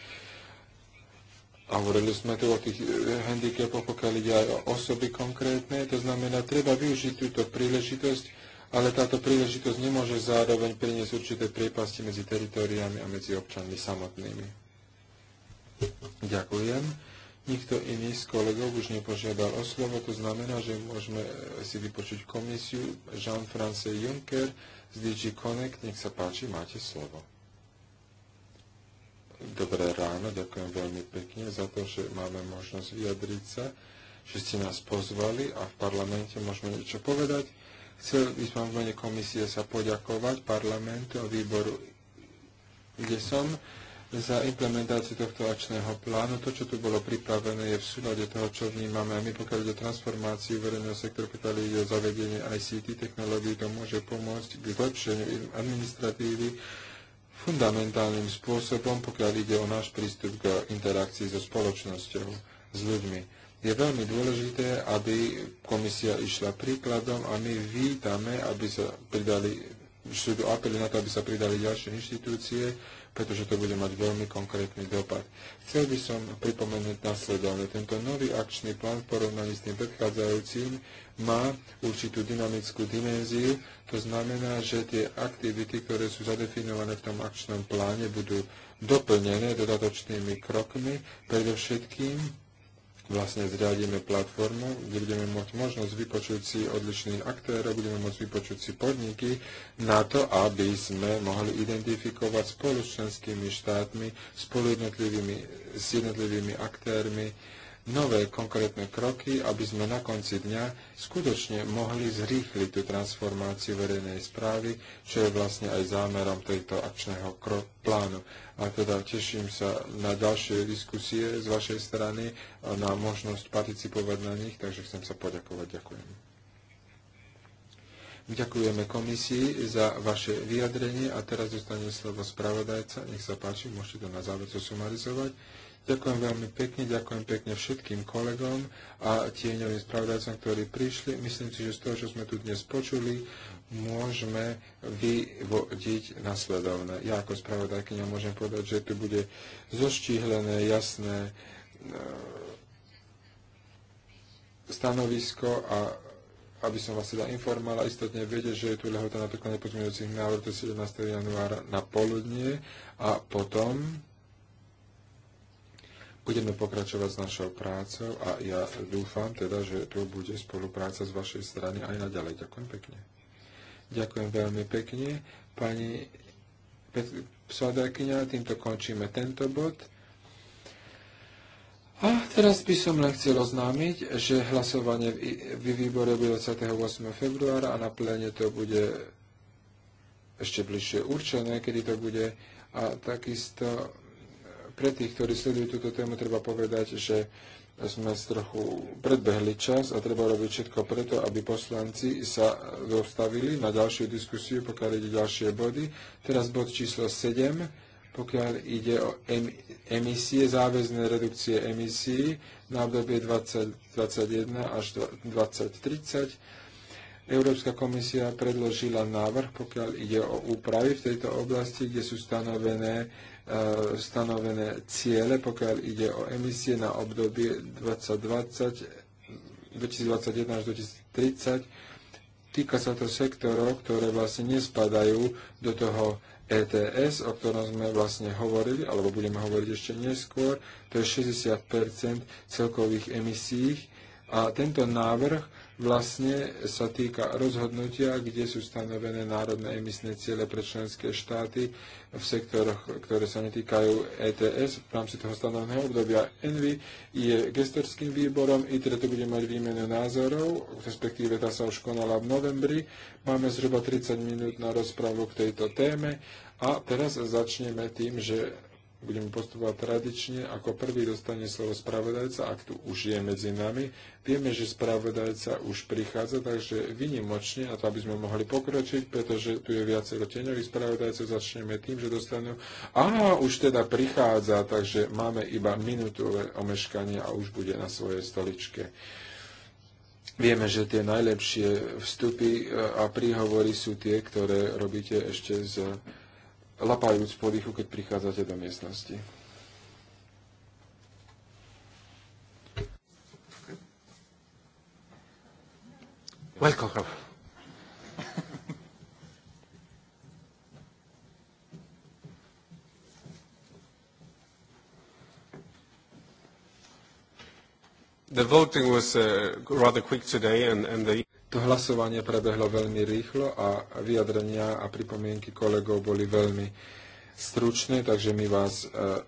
A hovorili sme tu o tých e, handicapoch, pokiaľ ide aj o osoby konkrétne, to znamená, treba využiť túto príležitosť, ale táto príležitosť nemôže zároveň priniesť určité priepasti medzi teritoriami a medzi občanmi samotnými. Ďakujem. Nikto iný z kolegov už nepožiadal o slovo, to znamená, že môžeme si vypočuť komisiu Jean-François Juncker z DG Connect. Nech sa páči, máte slovo. Dobré ráno, ďakujem veľmi pekne za to, že máme možnosť vyjadriť sa, že ste nás pozvali a v parlamente môžeme niečo povedať. Chcel by som v mene komisie sa poďakovať parlamentu a výboru, kde som, za implementáciu tohto akčného plánu. To, čo tu bolo pripravené, je v súlade toho, čo vnímame. My pokiaľ ide o transformáciu verejného sektoru, pokiaľ ide o zavedenie ICT technológií, to môže pomôcť k zlepšeniu administratívy fundamentálnym spôsobom, pokiaľ ide o náš prístup k interakcii so spoločnosťou, s ľuďmi. Je veľmi dôležité, aby komisia išla príkladom a my vítame, aby sa pridali, sú tu apely na to, aby sa pridali ďalšie inštitúcie, pretože to bude mať veľmi konkrétny dopad. Chcel by som pripomenúť nasledovne. Tento nový akčný plán v porovnaní s tým predchádzajúcim má určitú dynamickú dimenziu. To znamená, že tie aktivity, ktoré sú zadefinované v tom akčnom pláne, budú doplnené dodatočnými krokmi, predovšetkým vlastne zriadíme platformu, kde budeme môcť možnosť vypočuť si odlišných aktérov, budeme môcť vypočuť si podniky na to, aby sme mohli identifikovať spolu s členskými štátmi, spolu jednotlivými, s jednotlivými aktérmi, nové konkrétne kroky, aby sme na konci dňa skutočne mohli zrýchliť tú transformáciu verejnej správy, čo je vlastne aj zámerom tejto akčného plánu. A teda teším sa na ďalšie diskusie z vašej strany a na možnosť participovať na nich, takže chcem sa poďakovať. Ďakujem. Ďakujeme komisii za vaše vyjadrenie a teraz dostane slovo spravodajca. Nech sa páči, môžete to na záver zosumarizovať. So Ďakujem veľmi pekne, ďakujem pekne všetkým kolegom a tieňovým spravodajcom, ktorí prišli. Myslím si, že z toho, čo sme tu dnes počuli, môžeme vyvodiť nasledovné. Ja ako spravodajkynia môžem povedať, že tu bude zoštíhlené, jasné e, stanovisko a aby som vás teda informoval, istotne viete, že je tu lehota napríklad nepozmeňujúcich návrh, to 17. januára na poludnie a potom Budeme pokračovať s našou prácou a ja dúfam teda, že tu bude spolupráca z vašej strany aj naďalej. Ďakujem pekne. Ďakujem veľmi pekne. Pani Sodajkyňa, týmto končíme tento bod. A teraz by som len chcel oznámiť, že hlasovanie v výbore bude 28. februára a na plene to bude ešte bližšie určené, kedy to bude. A takisto pre tých, ktorí sledujú túto tému, treba povedať, že sme trochu predbehli čas a treba robiť všetko preto, aby poslanci sa dostavili na ďalšiu diskusiu, pokiaľ ide ďalšie body. Teraz bod číslo 7, pokiaľ ide o emisie, záväzné redukcie emisí na obdobie 2021 až 2030. Európska komisia predložila návrh, pokiaľ ide o úpravy v tejto oblasti, kde sú stanovené E, stanovené ciele, pokiaľ ide o emisie na obdobie 2020, 2021 až 2030. Týka sa to sektorov, ktoré vlastne nespadajú do toho ETS, o ktorom sme vlastne hovorili, alebo budeme hovoriť ešte neskôr, to je 60 celkových emisí. A tento návrh vlastne sa týka rozhodnutia, kde sú stanovené národné emisné ciele pre členské štáty v sektoroch, ktoré sa netýkajú ETS v rámci toho stanoveného obdobia. Envy je gestorským výborom, ITRE tu bude mať výmenu názorov, respektíve tá sa už konala v novembri. Máme zhruba 30 minút na rozpravu k tejto téme a teraz začneme tým, že Budeme postupovať tradične, ako prvý dostane slovo spravodajca, ak tu už je medzi nami. Vieme, že spravodajca už prichádza, takže vynimočne, a to aby sme mohli pokročiť, pretože tu je viacero teňových spravodajcov, začneme tým, že dostanú. A už teda prichádza, takže máme iba minútové omeškanie a už bude na svojej stoličke. Vieme, že tie najlepšie vstupy e, a príhovory sú tie, ktoré robíte ešte z lapajúc po dýchu, keď prichádzate do miestnosti. Welcome. The voting was uh, rather quick today, and, and the to hlasovanie prebehlo veľmi rýchlo a vyjadrenia a pripomienky kolegov boli veľmi stručné, takže my vás e,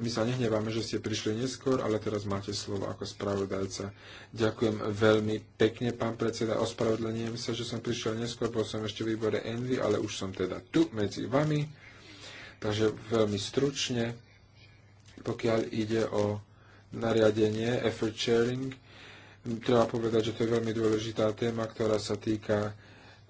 my sa nehneváme, že ste prišli neskôr, ale teraz máte slovo ako spravodajca. Ďakujem veľmi pekne, pán predseda. Ospravedlňujem sa, že som prišiel neskôr, bol som ešte v výbore Envy, ale už som teda tu medzi vami. Takže veľmi stručne, pokiaľ ide o nariadenie effort sharing, Treba povedať, že to je veľmi dôležitá téma, ktorá sa týka eh,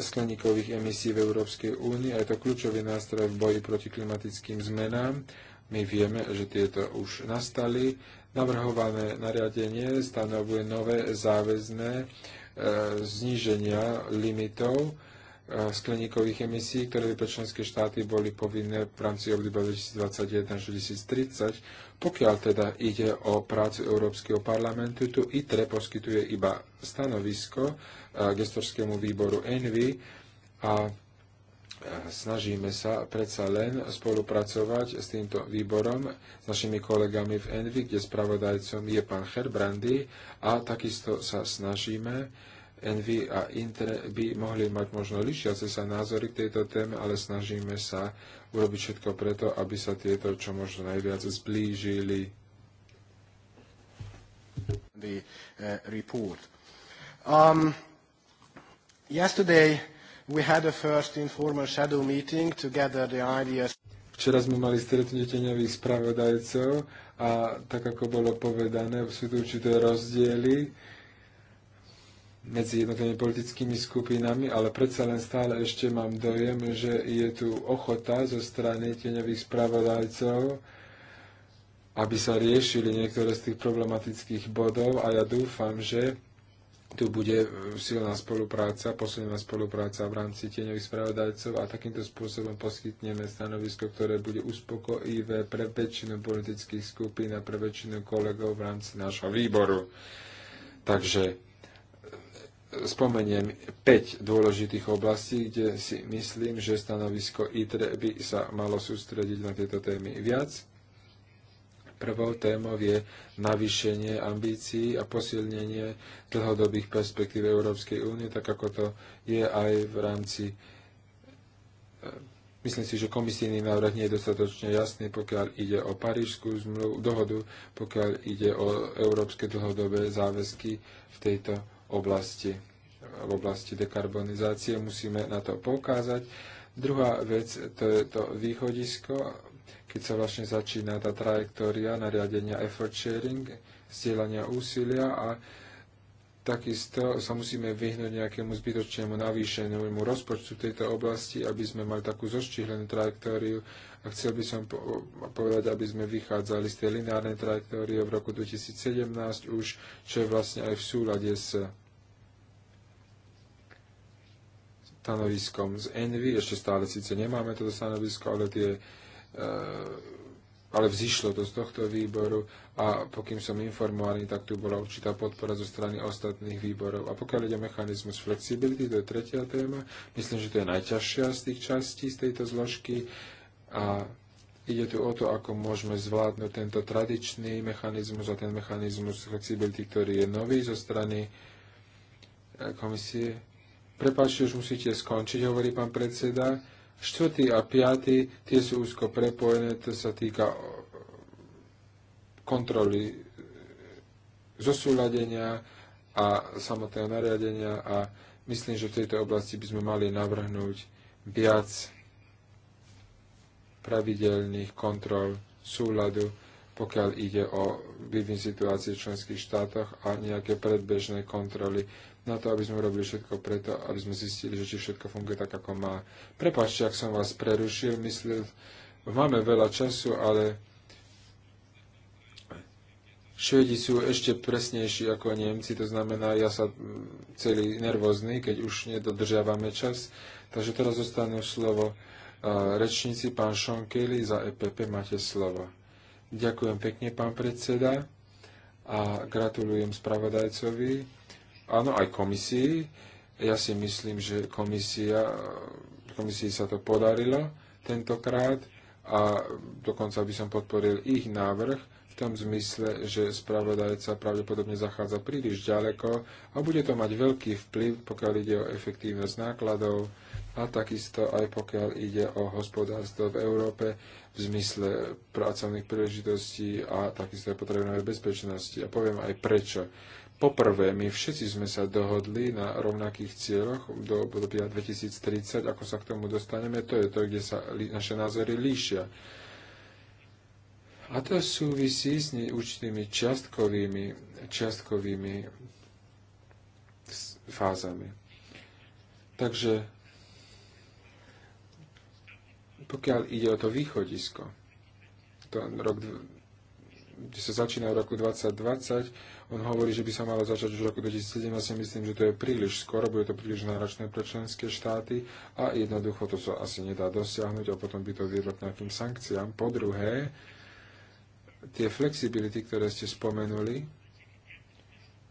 skleníkových emisí v Európskej únii a je to kľúčový nástroj v boji proti klimatickým zmenám. My vieme, že tieto už nastali. Navrhované nariadenie stanovuje nové záväzné e, zníženia limitov skleníkových emisí, ktoré by pre členské štáty boli povinné v rámci obdobia 2021-2030. Pokiaľ teda ide o prácu Európskeho parlamentu, tu ITRE poskytuje iba stanovisko e, gestorskému výboru ENVY a e, snažíme sa predsa len spolupracovať s týmto výborom, s našimi kolegami v ENVY, kde spravodajcom je pán Herbrandy a takisto sa snažíme Envy a Inter by mohli mať možno lišiace sa názory k tejto téme, ale snažíme sa urobiť všetko preto, aby sa tieto čo možno najviac zblížili. The, uh, report. Um, yesterday we had a first informal shadow meeting to gather the ideas. Včera sme mali stretnutie nových spravodajcov a tak ako bolo povedané, sú tu určité rozdiely medzi jednotlivými politickými skupinami, ale predsa len stále ešte mám dojem, že je tu ochota zo strany tieňových spravodajcov, aby sa riešili niektoré z tých problematických bodov a ja dúfam, že tu bude e, silná spolupráca, posledná spolupráca v rámci tieňových spravodajcov a takýmto spôsobom poskytneme stanovisko, ktoré bude uspokojivé pre väčšinu politických skupín a pre väčšinu kolegov v rámci nášho výboru. Takže spomeniem 5 dôležitých oblastí, kde si myslím, že stanovisko ITRE by sa malo sústrediť na tieto témy viac. Prvou témou je navýšenie ambícií a posilnenie dlhodobých perspektív Európskej únie, tak ako to je aj v rámci. Eh, myslím si, že komisijný návrh nie je dostatočne jasný, pokiaľ ide o parížskú zmluv, dohodu, pokiaľ ide o európske dlhodobé záväzky v tejto oblasti, v oblasti dekarbonizácie. Musíme na to poukázať. Druhá vec, to je to východisko, keď sa vlastne začína tá trajektória nariadenia effort sharing, zdieľania úsilia a Takisto sa musíme vyhnúť nejakému zbytočnému navýšenému rozpočtu tejto oblasti, aby sme mali takú zoštihlenú trajektóriu. A chcel by som povedať, aby sme vychádzali z tej lineárnej trajektórie v roku 2017 už, čo je vlastne aj v súlade s stanoviskom z Envy. Ešte stále síce nemáme toto stanovisko, ale tie e, ale vzýšlo to z tohto výboru a pokým som informovaný, tak tu bola určitá podpora zo strany ostatných výborov. A pokiaľ ide mechanizmus flexibility, to je tretia téma, myslím, že to je najťažšia z tých častí, z tejto zložky a ide tu o to, ako môžeme zvládnuť tento tradičný mechanizmus a ten mechanizmus flexibility, ktorý je nový zo strany eh, komisie. Prepáčte, už musíte skončiť, hovorí pán predseda. Štvrtý a piatý, tie sú úzko prepojené, to sa týka e, kontroly e, zosúladenia a samotného nariadenia a myslím, že v tejto oblasti by sme mali navrhnúť viac pravidelných kontrol súladu, pokiaľ ide o vývin situácie v členských štátoch a nejaké predbežné kontroly na to, aby sme urobili všetko preto, aby sme zistili, že či všetko funguje tak, ako má. Prepačte, ak som vás prerušil, myslím, máme veľa času, ale Švedi sú ešte presnejší ako Nemci, to znamená, ja sa mm, celý nervózny, keď už nedodržiavame čas. Takže teraz zostanú slovo rečníci, pán Sean za EPP, máte slovo. Ďakujem pekne, pán predseda, a gratulujem spravodajcovi Áno, aj komisii. Ja si myslím, že komisia, komisii sa to podarilo tentokrát a dokonca by som podporil ich návrh v tom zmysle, že spravodajca pravdepodobne zachádza príliš ďaleko a bude to mať veľký vplyv, pokiaľ ide o efektívnosť nákladov a takisto aj pokiaľ ide o hospodárstvo v Európe v zmysle pracovných príležitostí a takisto aj potrebnej bezpečnosti. A poviem aj prečo. Poprvé, my všetci sme sa dohodli na rovnakých cieľoch do obdobia 2030, ako sa k tomu dostaneme, to je to, kde sa naše názory líšia. A to súvisí s určitými čiastkovými, čiastkovými fázami. Takže pokiaľ ide o to východisko, to rok, kde sa začína v roku 2020, on hovorí, že by sa malo začať už v roku 2017. Ja myslím, že to je príliš skoro, bude to príliš náročné pre členské štáty a jednoducho to sa asi nedá dosiahnuť a potom by to viedlo k nejakým sankciám. Po druhé, tie flexibility, ktoré ste spomenuli,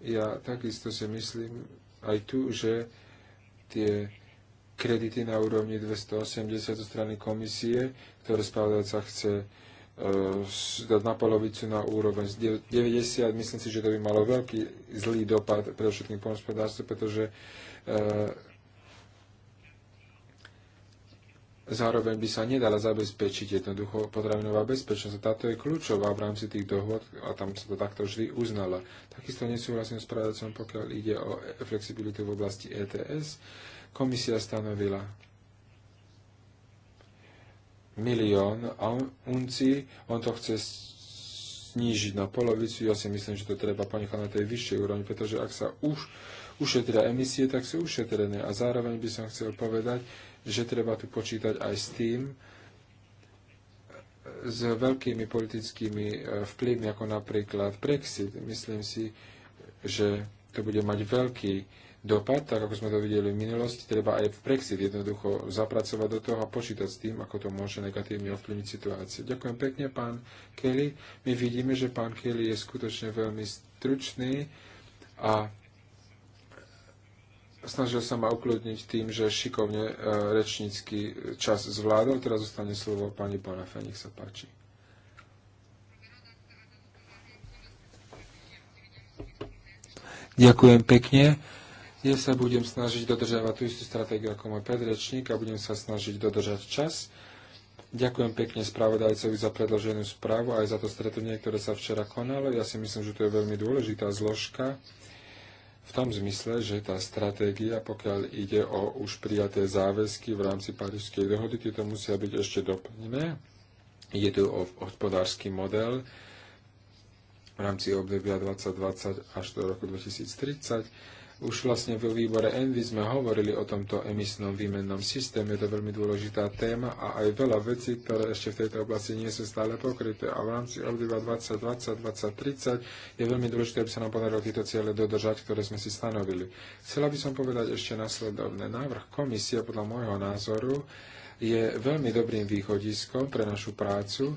ja takisto si myslím aj tu, že tie kredity na úrovni 280 zo strany komisie, ktoré spravodajca chce E, dať na polovicu na úroveň z 90. Myslím si, že to by malo veľký zlý dopad pre všetkým pohospodárstvom, pretože e, Zároveň by sa nedala zabezpečiť jednoducho potravinová bezpečnosť. táto je kľúčová v rámci tých dohod a tam sa to takto vždy uznala. Takisto nesúhlasím s pokiaľ ide o e, flexibilitu v oblasti ETS. Komisia stanovila milión uncí, on to chce snížiť na polovicu. Ja si myslím, že to treba ponechať na tej vyššej úrovni, pretože ak sa už ušetria emisie, tak sú ušetrené. A zároveň by som chcel povedať, že treba tu počítať aj s tým, s veľkými politickými e, vplyvmi, ako napríklad Brexit. Myslím si, že to bude mať veľký dopad, tak ako sme to videli v minulosti, treba aj v Brexit jednoducho zapracovať do toho a počítať s tým, ako to môže negatívne ovplyvniť situáciu. Ďakujem pekne, pán Kelly. My vidíme, že pán Kelly je skutočne veľmi stručný a snažil sa ma ukludniť tým, že šikovne e, rečnícky čas zvládol. Teraz zostane slovo pani Bonafé, nech sa páči. Ďakujem pekne. Ja sa budem snažiť dodržiavať tú istú stratégiu ako môj predrečník a budem sa snažiť dodržať čas. Ďakujem pekne spravodajcovi za predloženú správu aj za to stretnutie, ktoré sa včera konalo. Ja si myslím, že to je veľmi dôležitá zložka v tom zmysle, že tá stratégia, pokiaľ ide o už prijaté záväzky v rámci Parížskej dohody, tieto musia byť ešte doplnené. Ide tu o hospodársky model v rámci obdobia 2020 až do roku 2030 už vlastne vo výbore Envy sme hovorili o tomto emisnom výmennom systéme. Je to veľmi dôležitá téma a aj veľa vecí, ktoré ešte v tejto oblasti nie sú stále pokryté. A v rámci obdiva 2020-2030 je veľmi dôležité, aby sa nám podarilo tieto ciele dodržať, ktoré sme si stanovili. Chcela by som povedať ešte nasledovné. Návrh komisie podľa môjho názoru je veľmi dobrým východiskom pre našu prácu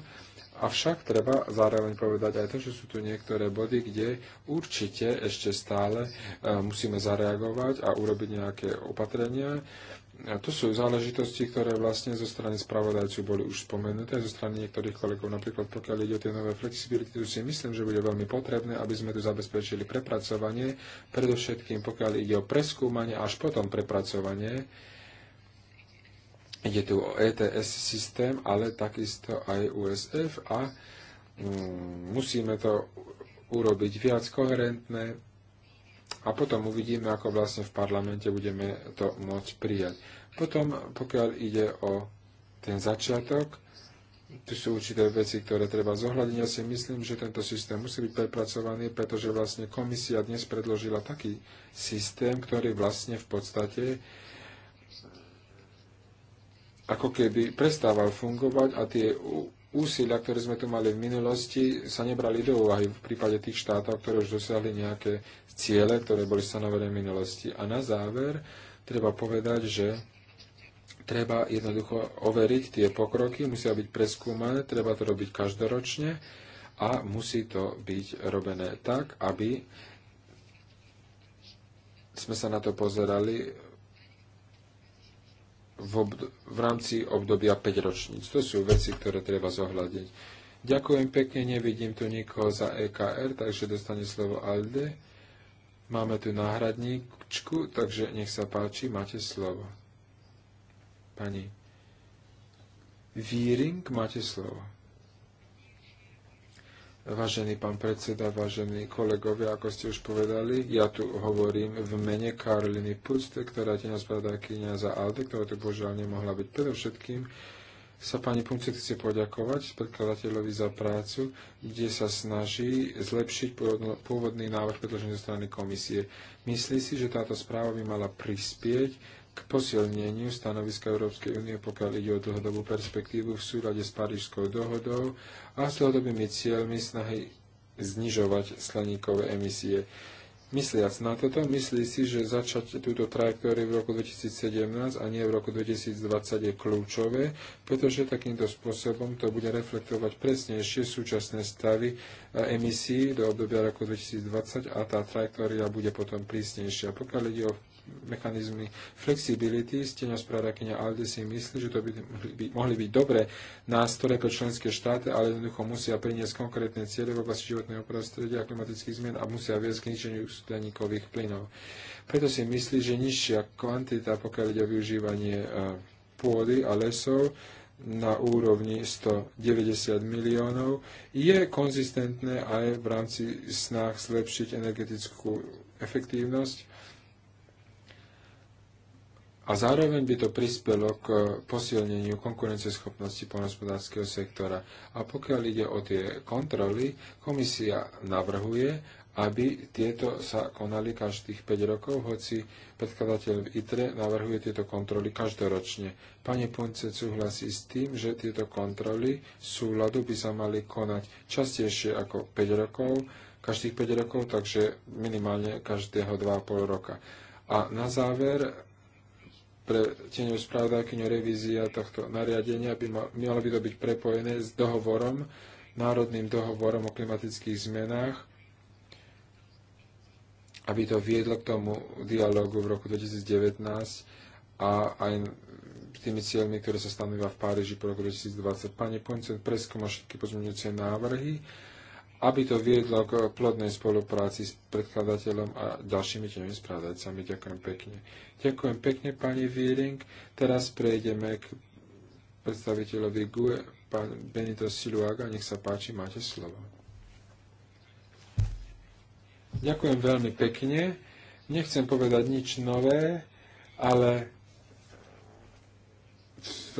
Avšak treba zároveň povedať aj to, že sú tu niektoré body, kde určite ešte stále e, musíme zareagovať a urobiť nejaké opatrenia. A to sú záležitosti, ktoré vlastne zo strany spravodajcu boli už spomenuté, zo strany niektorých kolegov. Napríklad pokiaľ ide o tie nové flexibility, tu si myslím, že bude veľmi potrebné, aby sme tu zabezpečili prepracovanie, predovšetkým pokiaľ ide o preskúmanie, až potom prepracovanie Ide tu o ETS systém, ale takisto aj USF a mm, musíme to urobiť viac koherentné a potom uvidíme, ako vlastne v parlamente budeme to môcť prijať. Potom, pokiaľ ide o ten začiatok, tu sú určité veci, ktoré treba zohľadiť. Ja si myslím, že tento systém musí byť prepracovaný, pretože vlastne komisia dnes predložila taký systém, ktorý vlastne v podstate ako keby prestával fungovať a tie úsilia, ktoré sme tu mali v minulosti, sa nebrali do úvahy v prípade tých štátov, ktoré už dosiahli nejaké ciele, ktoré boli stanovené v minulosti. A na záver treba povedať, že treba jednoducho overiť tie pokroky, musia byť preskúmané, treba to robiť každoročne a musí to byť robené tak, aby sme sa na to pozerali v, obd- v rámci obdobia 5 ročníc. To sú veci, ktoré treba zohľadiť. Ďakujem pekne, nevidím tu nikoho za EKR, takže dostane slovo Alde. Máme tu náhradníčku, takže nech sa páči, máte slovo. Pani Víring, máte slovo. Vážený pán predseda, vážení kolegovia, ako ste už povedali, ja tu hovorím v mene Karoliny Puste, ktorá je nespravodajkynia za ALDE, ktorá tu božiaľ nemohla byť. Predovšetkým sa pani Puste chce poďakovať predkladateľovi za prácu, kde sa snaží zlepšiť pôvodný návrh predložený zo strany komisie. Myslí si, že táto správa by mala prispieť k posilneniu stanoviska Európskej únie, pokiaľ ide o dlhodobú perspektívu v súlade s Parížskou dohodou a s dlhodobými cieľmi snahy znižovať skleníkové emisie. Mysliac na toto, myslí si, že začať túto trajektóriu v roku 2017 a nie v roku 2020 je kľúčové, pretože takýmto spôsobom to bude reflektovať presnejšie súčasné stavy emisí do obdobia roku 2020 a tá trajektória bude potom prísnejšia. Pokiaľ ide o mechanizmy flexibility. Steňospravodajkynia Alde si myslí, že to by, by mohli byť dobré nástroje pre členské štáty, ale jednoducho musia priniesť konkrétne ciele v oblasti životného prostredia a klimatických zmien a musia viesť k ničeniu skleníkových plynov. Preto si myslí, že nižšia kvantita, pokiaľ ide o využívanie e, pôdy a lesov, na úrovni 190 miliónov, je konzistentné aj v rámci snah zlepšiť energetickú efektívnosť a zároveň by to prispelo k eh, posilneniu konkurencieschopnosti poľnohospodárskeho sektora. A pokiaľ ide o tie kontroly, komisia navrhuje, aby tieto sa konali každých 5 rokov, hoci predkladateľ v ITRE navrhuje tieto kontroly každoročne. Pani Ponce súhlasí s tým, že tieto kontroly súladu by sa mali konať častejšie ako 5 rokov, každých 5 rokov, takže minimálne každého 2,5 roka. A na záver pre tieňov spravodajkyňu revízia tohto nariadenia by malo by to byť prepojené s dohovorom, národným dohovorom o klimatických zmenách, aby to viedlo k tomu dialogu v roku 2019 a aj tými cieľmi, ktoré sa stanovia v Páriži po roku 2020. Pani Poncen preskúma všetky pozmeňujúce návrhy aby to viedlo k plodnej spolupráci s predkladateľom a ďalšími tenými správdajcami. Ďakujem pekne. Ďakujem pekne, pani Viering. Teraz prejdeme k predstaviteľovi GUE, pán Benito Siluaga. Nech sa páči, máte slovo. Ďakujem veľmi pekne. Nechcem povedať nič nové, ale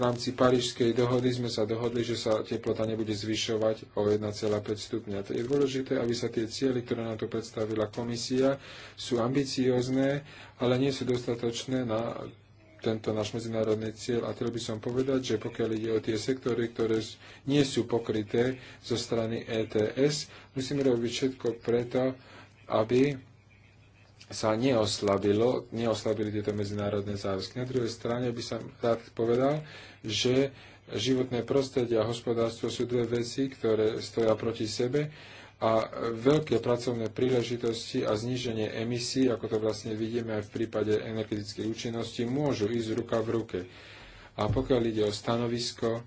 rámci Parížskej dohody sme sa dohodli, že sa teplota nebude zvyšovať o 1,5 stupňa. To je dôležité, aby sa tie cieľy, ktoré nám to predstavila komisia, sú ambiciozne, ale nie sú dostatočné na tento náš medzinárodný cieľ. A chcel by som povedať, že pokiaľ ide o tie sektory, ktoré nie sú pokryté zo strany ETS, musíme robiť všetko preto, aby sa neoslabilo, neoslabili tieto medzinárodné záväzky. Na druhej strane by som rád povedal, že životné prostredie a hospodárstvo sú dve veci, ktoré stoja proti sebe a veľké pracovné príležitosti a zníženie emisí, ako to vlastne vidíme aj v prípade energetickej účinnosti, môžu ísť ruka v ruke. A pokiaľ ide o stanovisko,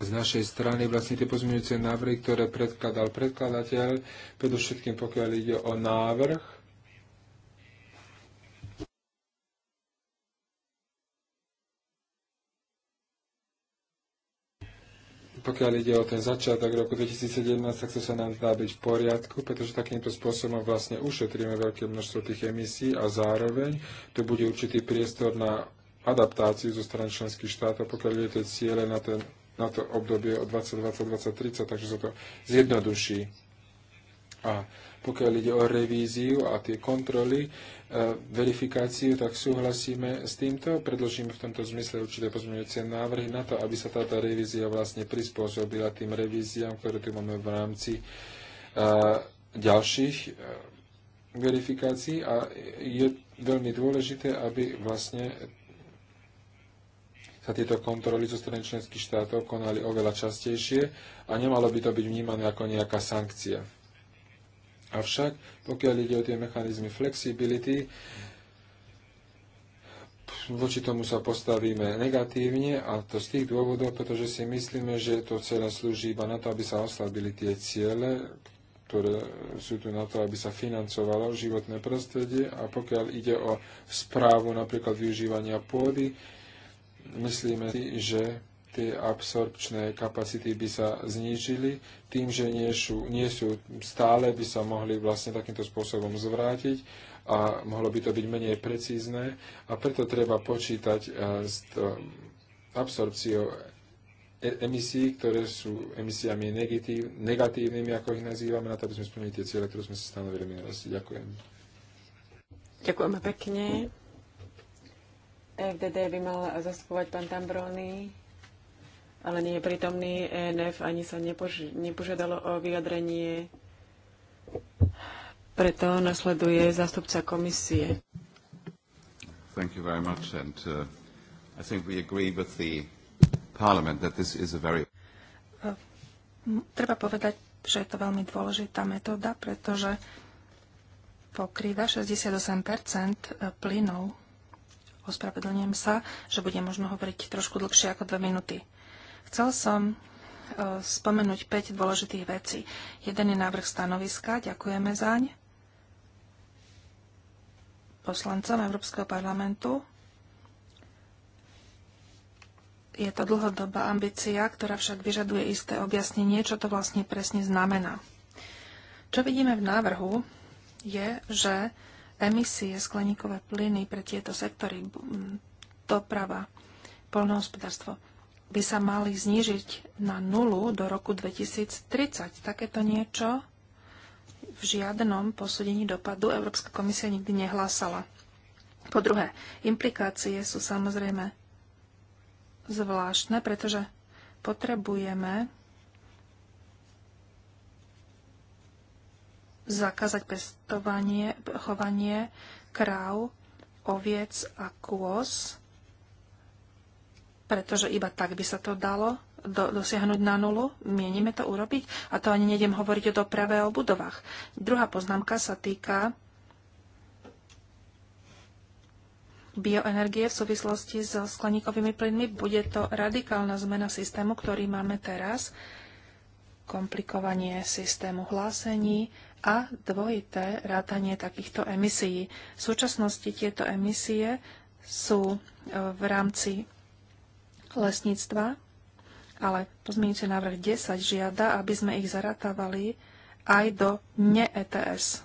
z našej strany vlastne tie pozmeňujúce návrhy, ktoré predkladal predkladateľ, predovšetkým pokiaľ ide o návrh pokiaľ ide o ten začiatok roku 2017, tak to sa nám dá byť v poriadku, pretože takýmto spôsobom vlastne ušetríme veľké množstvo tých emisí a zároveň tu bude určitý priestor na adaptáciu zo strany členských štátov, pokiaľ ide tie ciele na, ten, na to obdobie od 2020-2030, takže sa to zjednoduší. A pokiaľ ide o revíziu a tie kontroly, verifikáciu, tak súhlasíme s týmto. Predložíme v tomto zmysle určité pozmeňujúce návrhy na to, aby sa táto revízia vlastne prispôsobila tým revíziám, ktoré tu máme v rámci ďalších verifikácií a je veľmi dôležité, aby vlastne sa tieto kontroly zo strany členských štátov konali oveľa častejšie a nemalo by to byť vnímané ako nejaká sankcia. Avšak, pokiaľ ide o tie mechanizmy flexibility, voči tomu sa postavíme negatívne a to z tých dôvodov, pretože si myslíme, že to celé slúži iba na to, aby sa oslabili tie ciele, ktoré sú tu na to, aby sa financovalo životné prostredie a pokiaľ ide o správu napríklad využívania pôdy, myslíme si, že tie absorpčné kapacity by sa znížili, tým, že nie sú, nie sú stále, by sa mohli vlastne takýmto spôsobom zvrátiť a mohlo by to byť menej precízne a preto treba počítať eh, s absorpciou e, emisí, ktoré sú emisiami negatív, negatívnymi, ako ich nazývame, na to, aby sme splnili tie cieľe, ktoré sme si stanovili minulosti. Ďakujem. Ďakujeme pekne. E, FDD by mal zastupovať pán Tambrony ale nie je prítomný. ENF ani sa nepož- nepožiadalo o vyjadrenie. Preto nasleduje zástupca komisie. Thank you very much. And uh, I think we agree with the Parliament that this is a very... Uh, treba povedať, že je to veľmi dôležitá metóda, pretože pokrýva 68 uh, plynov. Ospravedlňujem sa, že budem možno hovoriť trošku dlhšie ako dve minúty. Chcel som e, spomenúť 5 dôležitých vecí. Jeden je návrh stanoviska, ďakujeme zaň poslancom Európskeho parlamentu. Je to dlhodobá ambícia, ktorá však vyžaduje isté objasnenie, čo to vlastne presne znamená. Čo vidíme v návrhu, je, že emisie skleníkové plyny pre tieto sektory, doprava, polnohospodárstvo, by sa mali znižiť na nulu do roku 2030. Takéto niečo v žiadnom posúdení dopadu Európska komisia nikdy nehlásala. Po druhé, implikácie sú samozrejme zvláštne, pretože potrebujeme zakázať pestovanie, chovanie kráv, oviec a kôz pretože iba tak by sa to dalo do, dosiahnuť na nulu. Mienime to urobiť a to ani nejdem hovoriť o doprave a o budovách. Druhá poznámka sa týka bioenergie v súvislosti so skleníkovými plynmi. Bude to radikálna zmena systému, ktorý máme teraz, komplikovanie systému hlásení a dvojité rátanie takýchto emisií. V súčasnosti tieto emisie sú e, v rámci lesníctva, ale pozmienujúci návrh 10 žiada, aby sme ich zaratávali aj do ne-ETS.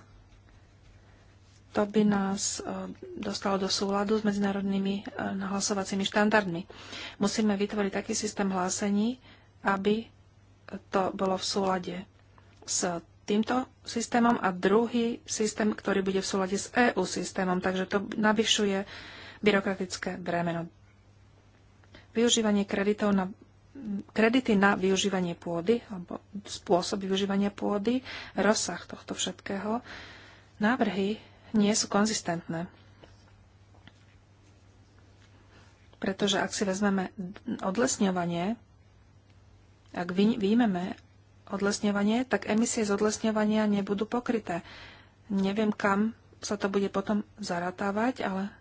To by nás e, dostalo do súladu s medzinárodnými e, hlasovacími štandardmi. Musíme vytvoriť taký systém hlásení, aby to bolo v súlade s týmto systémom a druhý systém, ktorý bude v súlade s EU systémom. Takže to navyšuje byrokratické bremeno. Využívanie kreditov na kredity na využívanie pôdy, alebo spôsob využívania pôdy, rozsah tohto všetkého, návrhy nie sú konzistentné. Pretože ak si vezmeme odlesňovanie, ak výjmeme odlesňovanie, tak emisie z odlesňovania nebudú pokryté. Neviem, kam sa to bude potom zaratávať, ale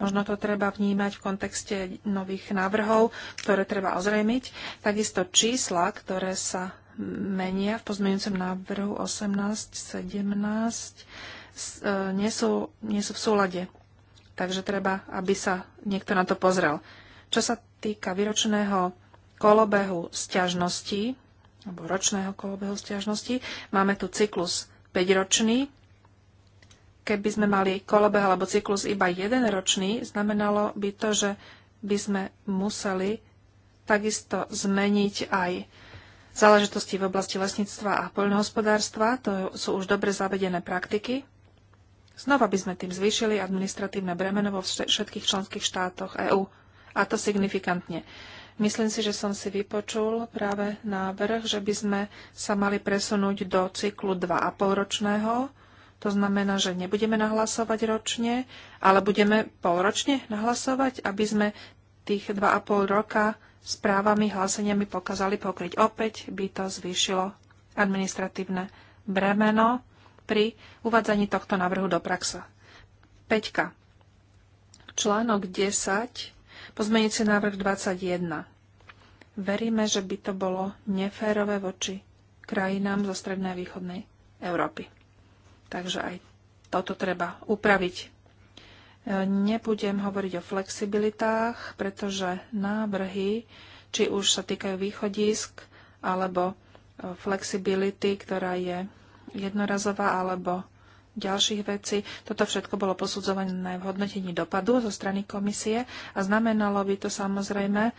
Možno to treba vnímať v kontexte nových návrhov, ktoré treba ozrejmiť. Takisto čísla, ktoré sa menia v pozmeňujúcom návrhu 18, 17, e, nie sú, nie sú v súlade. Takže treba, aby sa niekto na to pozrel. Čo sa týka výročného kolobehu sťažnosti, alebo ročného kolobehu sťažnosti, máme tu cyklus 5-ročný, Keby sme mali kolobeh alebo cyklus iba jeden ročný, znamenalo by to, že by sme museli takisto zmeniť aj záležitosti v oblasti lesníctva a poľnohospodárstva. To sú už dobre zavedené praktiky. Znova by sme tým zvýšili administratívne bremeno vo všetkých členských štátoch EÚ. A to signifikantne. Myslím si, že som si vypočul práve návrh, že by sme sa mali presunúť do cyklu 2,5 ročného to znamená, že nebudeme nahlasovať ročne, ale budeme polročne nahlasovať, aby sme tých 2,5 roka správami, hláseniami pokazali pokryť. Opäť by to zvýšilo administratívne bremeno pri uvádzaní tohto návrhu do praxe. Peťka. Článok 10, pozmeňujúci návrh 21. Veríme, že by to bolo neférové voči krajinám zo strednej a východnej Európy. Takže aj toto treba upraviť. E, nebudem hovoriť o flexibilitách, pretože návrhy, či už sa týkajú východisk, alebo e, flexibility, ktorá je jednorazová, alebo ďalších vecí. Toto všetko bolo posudzované v hodnotení dopadu zo strany komisie a znamenalo by to samozrejme e,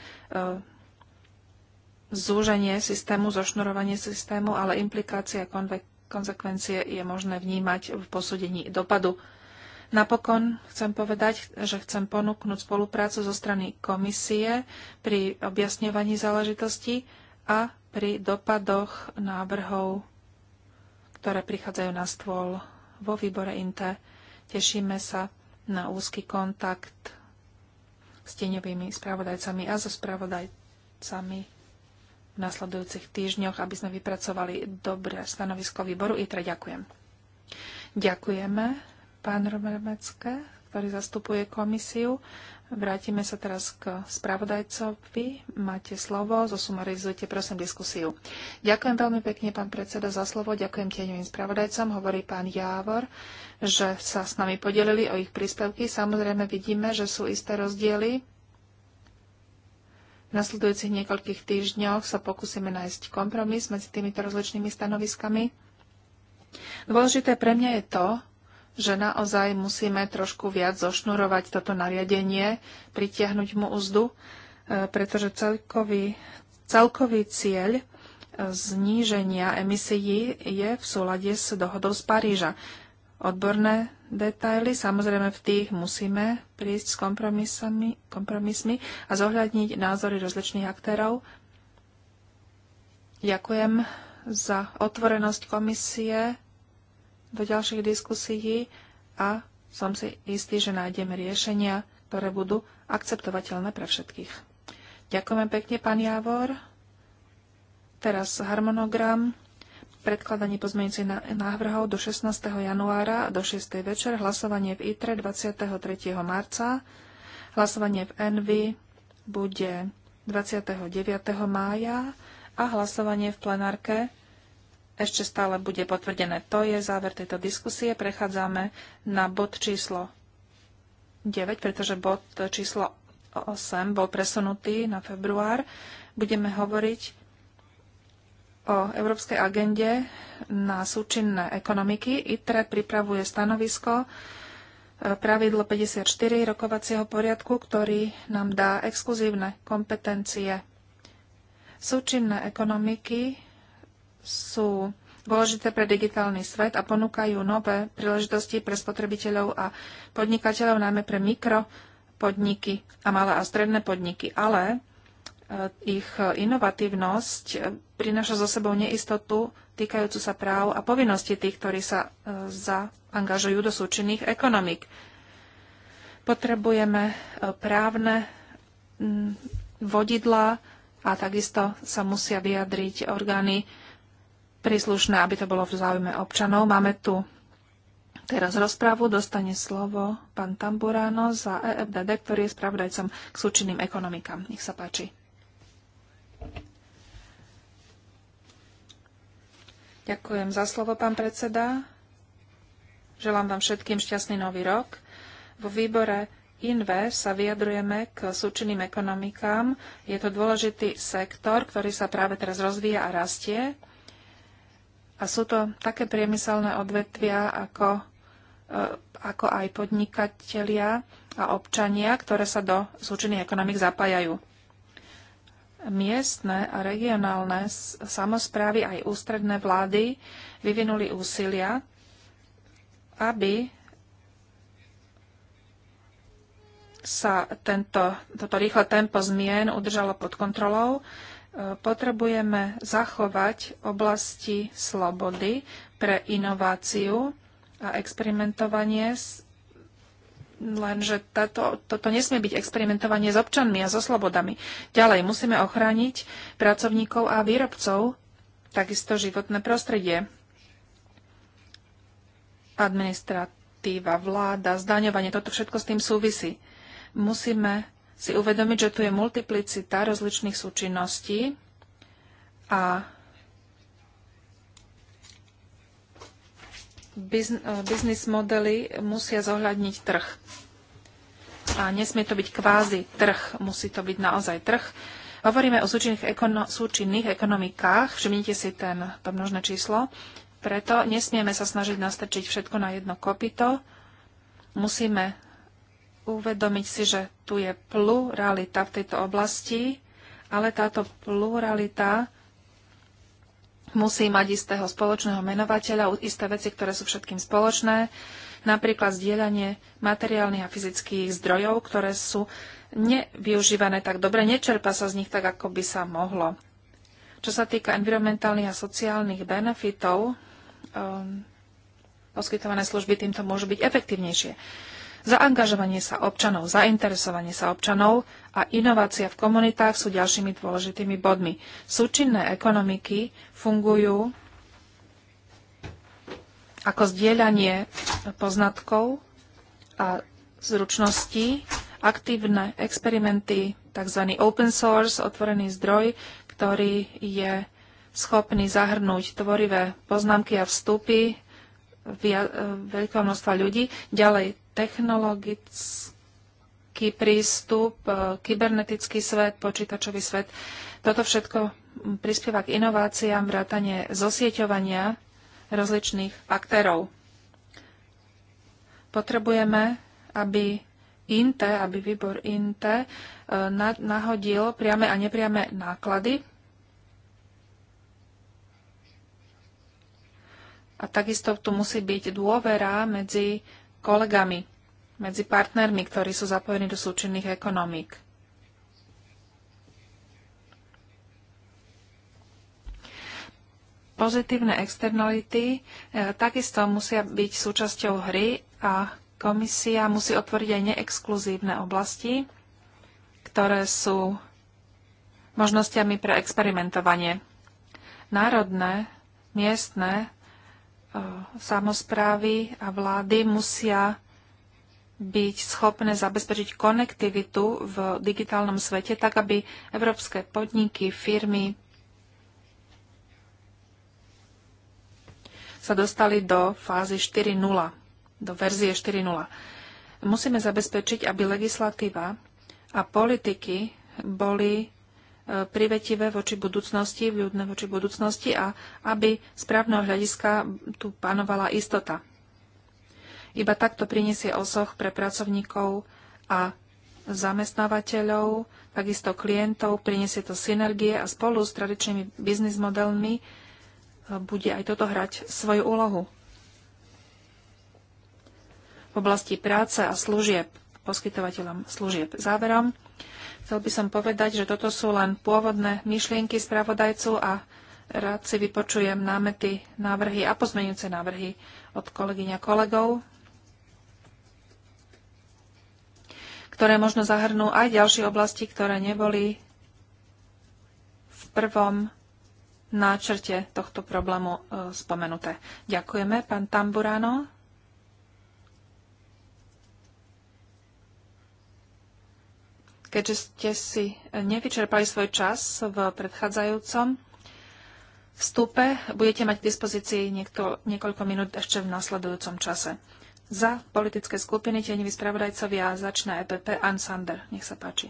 zúženie systému, zošnurovanie systému, ale implikácia konvek- konsekvencie je možné vnímať v posúdení dopadu. Napokon chcem povedať, že chcem ponúknuť spoluprácu zo strany komisie pri objasňovaní záležitosti a pri dopadoch návrhov, ktoré prichádzajú na stôl vo výbore INTE. Tešíme sa na úzky kontakt s tieňovými spravodajcami a so spravodajcami v nasledujúcich týždňoch, aby sme vypracovali dobré stanovisko výboru. ITRE ďakujem. Ďakujeme, pán Romermecké, ktorý zastupuje komisiu. Vrátime sa teraz k spravodajcovi. Máte slovo, zosumarizujte prosím diskusiu. Ďakujem veľmi pekne, pán predseda, za slovo. Ďakujem tieňovým spravodajcom, hovorí pán Jávor, že sa s nami podelili o ich príspevky. Samozrejme vidíme, že sú isté rozdiely v nasledujúcich niekoľkých týždňoch sa pokúsime nájsť kompromis medzi týmito rozličnými stanoviskami. Dôležité pre mňa je to, že naozaj musíme trošku viac zošnurovať toto nariadenie, pritiahnuť mu úzdu, e, pretože celkový, celkový cieľ e, zníženia emisií je v súlade s dohodou z Paríža. Odborné detaily. Samozrejme, v tých musíme prísť s kompromisami, kompromismi a zohľadniť názory rozličných aktérov. Ďakujem za otvorenosť komisie do ďalších diskusií a som si istý, že nájdeme riešenia, ktoré budú akceptovateľné pre všetkých. Ďakujem pekne, pán Javor. Teraz harmonogram predkladanie pozmeňujúcich návrhov do 16. januára do 6. večer, hlasovanie v ITRE 23. marca, hlasovanie v ENVY bude 29. mája a hlasovanie v plenárke ešte stále bude potvrdené. To je záver tejto diskusie. Prechádzame na bod číslo 9, pretože bod číslo 8 bol presunutý na február. Budeme hovoriť o európskej agende na súčinné ekonomiky. ITRE pripravuje stanovisko e, pravidlo 54 rokovacieho poriadku, ktorý nám dá exkluzívne kompetencie. Súčinné ekonomiky sú dôležité pre digitálny svet a ponúkajú nové príležitosti pre spotrebiteľov a podnikateľov, najmä pre mikropodniky a malé a stredné podniky. Ale Eh, ich eh, inovatívnosť prináša so sebou neistotu týkajúcu sa práv a povinnosti tých, ktorí sa eh, zaangažujú do súčinných ekonomik. Potrebujeme právne mm, vodidla a takisto sa musia vyjadriť orgány príslušné, aby to bolo v záujme občanov. Máme tu teraz rozprávu, dostane slovo pán Tamburáno za EFDD, ktorý je spravodajcom k súčinným ekonomikám. Nech sa páči. Ďakujem za slovo, pán predseda. Želám vám všetkým šťastný nový rok. Vo výbore INVE sa vyjadrujeme k súčinným ekonomikám. Je to dôležitý sektor, ktorý sa práve teraz rozvíja a rastie. A sú to také priemyselné odvetvia ako, e, ako aj podnikatelia a občania, ktoré sa do súčinných ekonomik zapájajú miestne a regionálne samozprávy aj ústredné vlády vyvinuli úsilia, aby sa tento, toto rýchle tempo zmien udržalo pod kontrolou. E, potrebujeme zachovať oblasti slobody pre inováciu a experimentovanie s Lenže táto, toto nesmie byť experimentovanie s občanmi a so slobodami. Ďalej musíme ochrániť pracovníkov a výrobcov, takisto životné prostredie, administratíva, vláda, zdaňovanie, toto všetko s tým súvisí. Musíme si uvedomiť, že tu je multiplicita rozličných súčinností a biznis eh, modely musia zohľadniť trh. A nesmie to byť kvázi trh, musí to byť naozaj trh. Hovoríme o súčinných, ekono- súčinných ekonomikách, všimnite si ten, to množné číslo, preto nesmieme sa snažiť nastrčiť všetko na jedno kopito. Musíme uvedomiť si, že tu je pluralita v tejto oblasti, ale táto pluralita musí mať istého spoločného menovateľa, isté veci, ktoré sú všetkým spoločné, napríklad zdieľanie materiálnych a fyzických zdrojov, ktoré sú nevyužívané tak dobre, nečerpa sa z nich tak, ako by sa mohlo. Čo sa týka environmentálnych a sociálnych benefitov, um, poskytované služby týmto môžu byť efektívnejšie. Zaangažovanie sa občanov, zainteresovanie sa občanov a inovácia v komunitách sú ďalšími dôležitými bodmi. Súčinné ekonomiky fungujú ako zdieľanie poznatkov a zručností, aktívne experimenty, tzv. open source, otvorený zdroj, ktorý je schopný zahrnúť tvorivé poznámky a vstupy e, veľkého množstva ľudí. Ďalej technologický prístup, e, kybernetický svet, počítačový svet. Toto všetko prispieva k inováciám, vrátane zosieťovania rozličných aktérov. Potrebujeme, aby INTE, aby výbor INTE e, nahodil priame a nepriame náklady A takisto tu musí byť dôvera medzi kolegami, medzi partnermi, ktorí sú zapojení do súčinných ekonomík. Pozitívne externality e, takisto musia byť súčasťou hry a komisia musí otvoriť aj neexkluzívne oblasti, ktoré sú možnosťami pre experimentovanie. Národné, miestne e, samozprávy a vlády musia byť schopné zabezpečiť konektivitu v digitálnom svete, tak aby európske podniky, firmy sa dostali do fázy 4.0, do verzie 4.0. Musíme zabezpečiť, aby legislatíva a politiky boli e, privetivé voči budúcnosti, vľúdne voči budúcnosti a aby z právneho hľadiska tu panovala istota. Iba takto priniesie osoch pre pracovníkov a zamestnávateľov, takisto klientov, prinesie to synergie a spolu s tradičnými biznis modelmi bude aj toto hrať svoju úlohu. V oblasti práce a služieb poskytovateľom služieb. Záverom, chcel by som povedať, že toto sú len pôvodné myšlienky spravodajcu a rád si vypočujem námety, návrhy a pozmenujúce návrhy od kolegyň a kolegov, ktoré možno zahrnú aj ďalšie oblasti, ktoré neboli v prvom náčrte tohto problému e, spomenuté. Ďakujeme, pán Tamburano. Keďže ste si nevyčerpali svoj čas v predchádzajúcom vstupe, budete mať k dispozícii niekto, niekoľko minút ešte v nasledujúcom čase. Za politické skupiny tieňoví spravodajcovia začne EPP Ansander. Nech sa páči.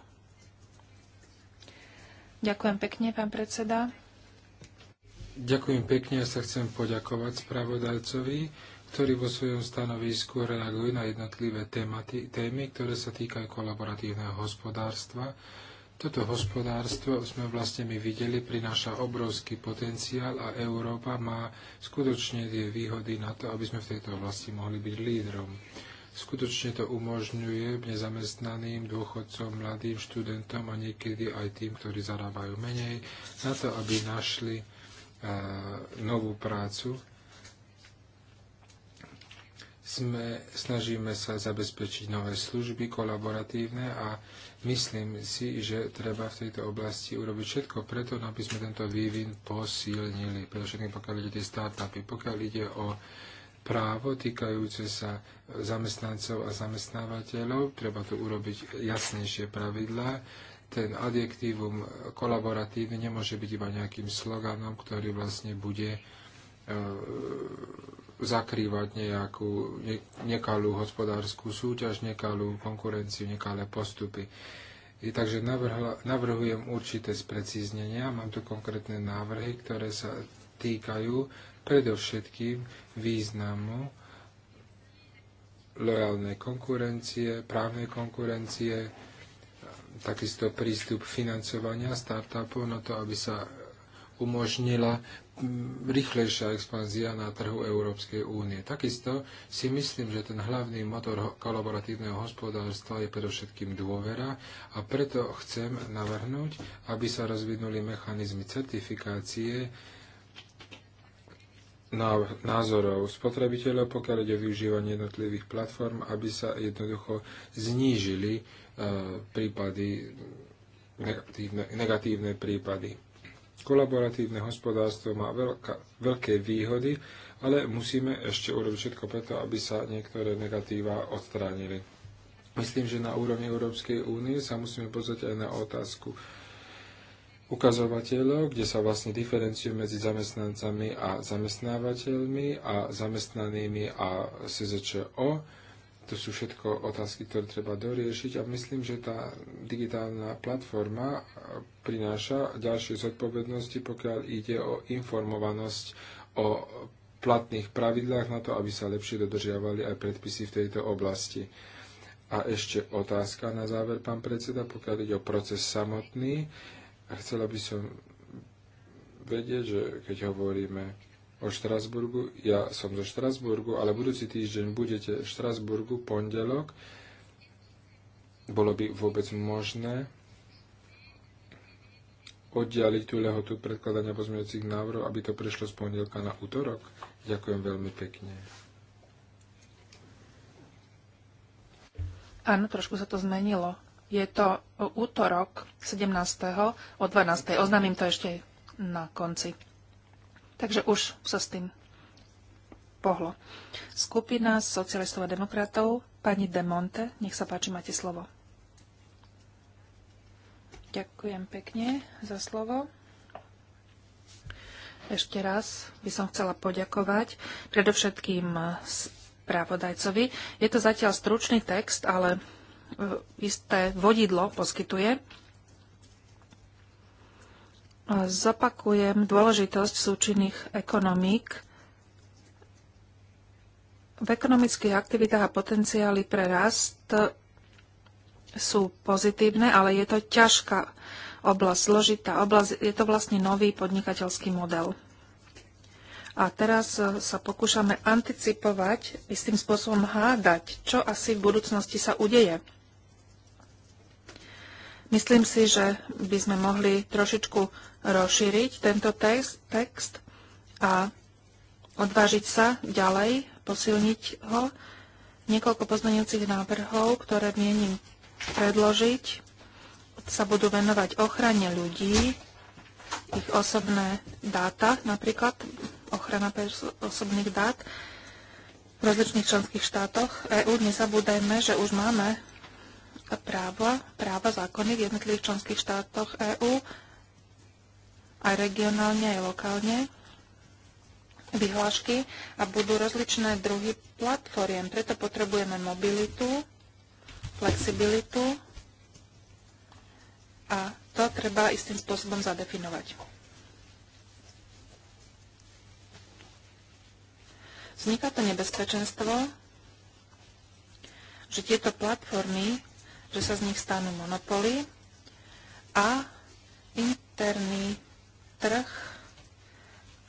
Ďakujem pekne, pán predseda. Ďakujem pekne a sa chcem poďakovať spravodajcovi, ktorý vo svojom stanovisku reaguje na jednotlivé tématy, témy, ktoré sa týkajú kolaboratívneho hospodárstva. Toto hospodárstvo sme vlastne my videli, prináša obrovský potenciál a Európa má skutočne tie výhody na to, aby sme v tejto oblasti mohli byť lídrom. Skutočne to umožňuje nezamestnaným, dôchodcom, mladým študentom a niekedy aj tým, ktorí zarábajú menej, na to, aby našli novú prácu. Sme, snažíme sa zabezpečiť nové služby kolaboratívne a myslím si, že treba v tejto oblasti urobiť všetko preto, aby sme tento vývin posilnili. Predovšetkým pokiaľ ide o tie startupy, pokiaľ ide o právo týkajúce sa zamestnancov a zamestnávateľov. Treba tu urobiť jasnejšie pravidlá ten adjektívum kolaboratívny nemôže byť iba nejakým sloganom, ktorý vlastne bude e, zakrývať nejakú nekalú hospodárskú súťaž, nekalú konkurenciu, nekalé postupy. I takže navrhujem určité sprecíznenia, mám tu konkrétne návrhy, ktoré sa týkajú predovšetkým významu lojálnej konkurencie, právnej konkurencie, takisto prístup financovania startupov na to, aby sa umožnila rýchlejšia expanzia na trhu Európskej únie. Takisto si myslím, že ten hlavný motor kolaboratívneho hospodárstva je predovšetkým dôvera a preto chcem navrhnúť, aby sa rozvinuli mechanizmy certifikácie názorov spotrebiteľov, pokiaľ ide o využívanie jednotlivých platform, aby sa jednoducho znížili E, prípady, negatívne, negatívne prípady. Kolaboratívne hospodárstvo má veľká, veľké výhody, ale musíme ešte urobiť všetko preto, aby sa niektoré negatíva odstránili. Myslím, že na úrovni Európskej únie sa musíme pozrieť aj na otázku ukazovateľov, kde sa vlastne diferenciujú medzi zamestnancami a zamestnávateľmi a zamestnanými a SZČO to sú všetko otázky, ktoré treba doriešiť a myslím, že tá digitálna platforma prináša ďalšie zodpovednosti, pokiaľ ide o informovanosť o platných pravidlách na to, aby sa lepšie dodržiavali aj predpisy v tejto oblasti. A ešte otázka na záver, pán predseda, pokiaľ ide o proces samotný. chcela by som vedieť, že keď hovoríme o Štrasburgu. Ja som zo Štrasburgu, ale budúci týždeň budete v Štrasburgu, pondelok. Bolo by vôbec možné oddialiť tú lehotu predkladania pozmeňujúcich návrhov, aby to prešlo z pondelka na útorok. Ďakujem veľmi pekne. Áno, trošku sa to zmenilo. Je to útorok 17. o 12. Oznámim to ešte na konci. Takže už sa s tým pohlo. Skupina socialistov a demokratov, pani De Monte, nech sa páči, máte slovo. Ďakujem pekne za slovo. Ešte raz by som chcela poďakovať predovšetkým správodajcovi. Je to zatiaľ stručný text, ale e, isté vodidlo poskytuje. Zopakujem dôležitosť súčinných ekonomík. V ekonomických aktivitách a potenciály pre rast sú pozitívne, ale je to ťažká oblasť, zložitá oblasť. Je to vlastne nový podnikateľský model. A teraz e, sa pokúšame anticipovať, istým spôsobom hádať, čo asi v budúcnosti sa udeje. Myslím si, že by sme mohli trošičku rozšíriť tento text, a odvážiť sa ďalej, posilniť ho. Niekoľko pozmeňujúcich návrhov, ktoré mienim predložiť, sa budú venovať ochrane ľudí, ich osobné dáta, napríklad ochrana osobných dát v rozličných členských štátoch EÚ. Nezabúdajme, že už máme práva, práva zákony v jednotlivých členských štátoch EÚ aj regionálne, aj lokálne vyhlášky a budú rozličné druhy platformiem. Preto potrebujeme mobilitu, flexibilitu a to treba istým spôsobom zadefinovať. Vzniká to nebezpečenstvo, že tieto platformy že sa z nich stanú monopoly a interný trh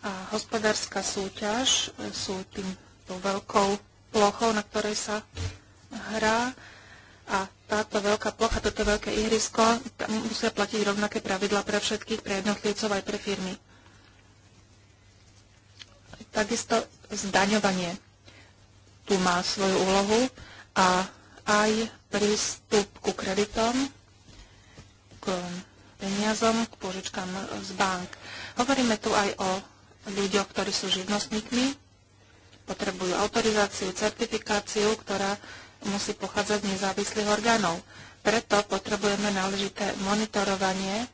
a hospodárska súťaž sú tým veľkou plochou, na ktorej sa hrá a táto veľká plocha, toto veľké ihrisko, tam musia platiť rovnaké pravidla pre všetkých, pre jednotlivcov aj pre firmy. Takisto zdaňovanie tu má svoju úlohu a aj prístup ku kreditom, k peniazom, k požičkám z bank. Hovoríme tu aj o ľuďoch, ktorí sú živnostníkmi, potrebujú autorizáciu, certifikáciu, ktorá musí pochádzať z nezávislých orgánov. Preto potrebujeme náležité monitorovanie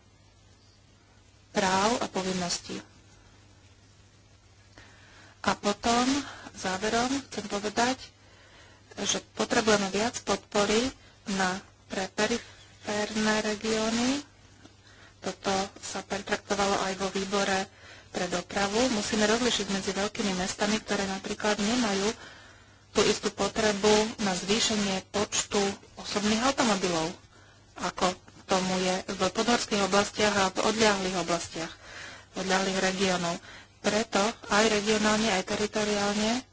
práv a povinností. A potom, záverom, chcem povedať, že potrebujeme viac podpory na, pre periférne regióny. Toto sa pertraktovalo aj vo výbore pre dopravu. Musíme rozlišiť medzi veľkými mestami, ktoré napríklad nemajú tú istú potrebu na zvýšenie počtu osobných automobilov, ako tomu je v podhorských oblastiach a v odľahlých oblastiach, odľahlých regiónov. Preto aj regionálne, aj teritoriálne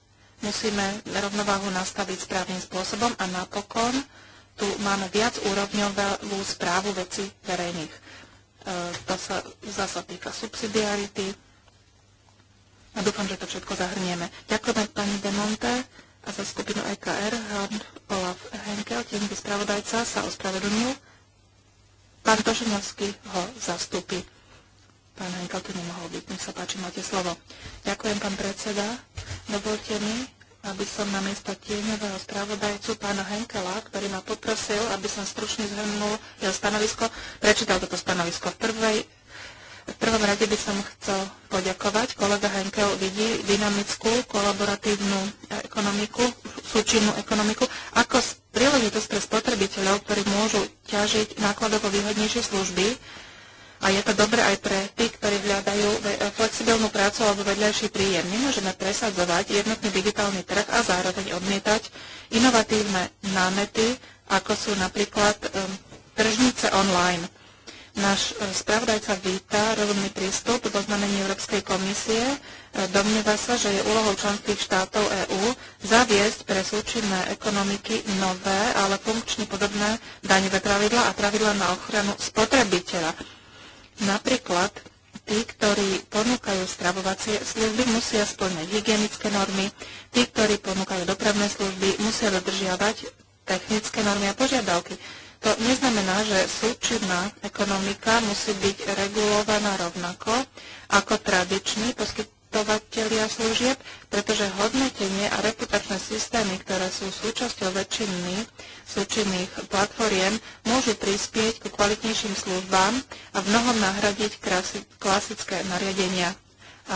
Musíme rovnováhu nastaviť správnym spôsobom a napokon tu máme viac úrovňovú správu veci verejných. E, to sa zasa týka subsidiarity a dúfam, že to všetko zahrnieme. Ďakujem pani Demonte a za skupinu EKR Hans Olaf Henkel, by spravodajca, sa ospravedlnil. Pán Toženovský ho zastúpi. Pán Henkel tu nemohol byť. Nech sa páči, máte slovo. Ďakujem, pán predseda. Dovolte mi aby som na miesto tieňového spravodajcu pána Henkela, ktorý ma poprosil, aby som stručne zhrnul jeho stanovisko, prečítal toto stanovisko. V, prvej, v prvom rade by som chcel poďakovať. Kolega Henkel vidí dynamickú, kolaboratívnu ekonomiku, súčinnú ekonomiku, ako príležitosť pre spotrebiteľov, ktorí môžu ťažiť nákladovo výhodnejšie služby, a je to dobre aj pre tých, ktorí hľadajú eh, flexibilnú prácu alebo vedľajší príjem. Nemôžeme presadzovať jednotný digitálny trh a zároveň odmietať inovatívne námety, ako sú napríklad tržnice online. Náš eh, spravodajca víta rozumný prístup do znamení Európskej komisie. Eh, domnieva sa, že je úlohou členských štátov EÚ zaviesť pre súčinné ekonomiky nové, ale funkčne podobné daňové pravidla a pravidla na ochranu spotrebiteľa. Napríklad tí, ktorí ponúkajú stravovacie služby, musia splňať hygienické normy, tí, ktorí ponúkajú dopravné služby, musia dodržiavať technické normy a požiadavky. To neznamená, že súčinná ekonomika musí byť regulovaná rovnako ako tradičný poskyt poskytovateľia služieb, pretože hodnotenie a reputačné systémy, ktoré sú súčasťou väčšiny súčinných platformiem, môžu prispieť ku kvalitnejším službám a v mnohom nahradiť klasické nariadenia a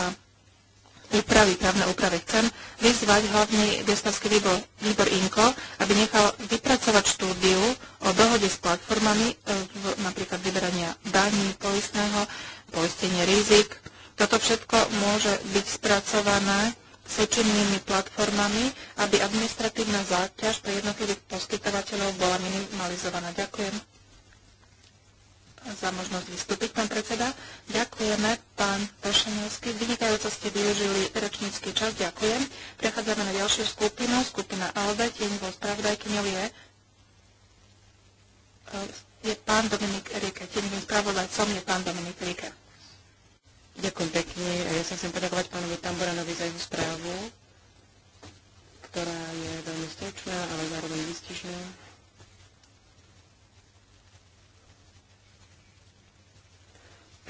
úpravy, právne úpravy. Chcem vyzvať hlavný gestavský výbor, výbor INKO, aby nechal vypracovať štúdiu o dohode s platformami, e, v, napríklad vyberania daní, poistného, poistenie rizik, toto všetko môže byť spracované s súčinnými platformami, aby administratívna záťaž pre jednotlivých poskytovateľov bola minimalizovaná. Ďakujem za možnosť vystúpiť, pán predseda. Ďakujeme, pán Pešenovský. Vynikajúco ste využili rečnícky čas. Ďakujem. Prechádzame na ďalšiu skupinu. Skupina ALDE, tieňovou spravodajkyňou je, e, je pán Dominik Rike. Tým spravodajcom je pán Dominik Rike. Ďakujem pekne a ja sa chcem poďakovať pánovi Tamboranovi za jeho správu, ktorá je veľmi stručná, ale zároveň vystižná.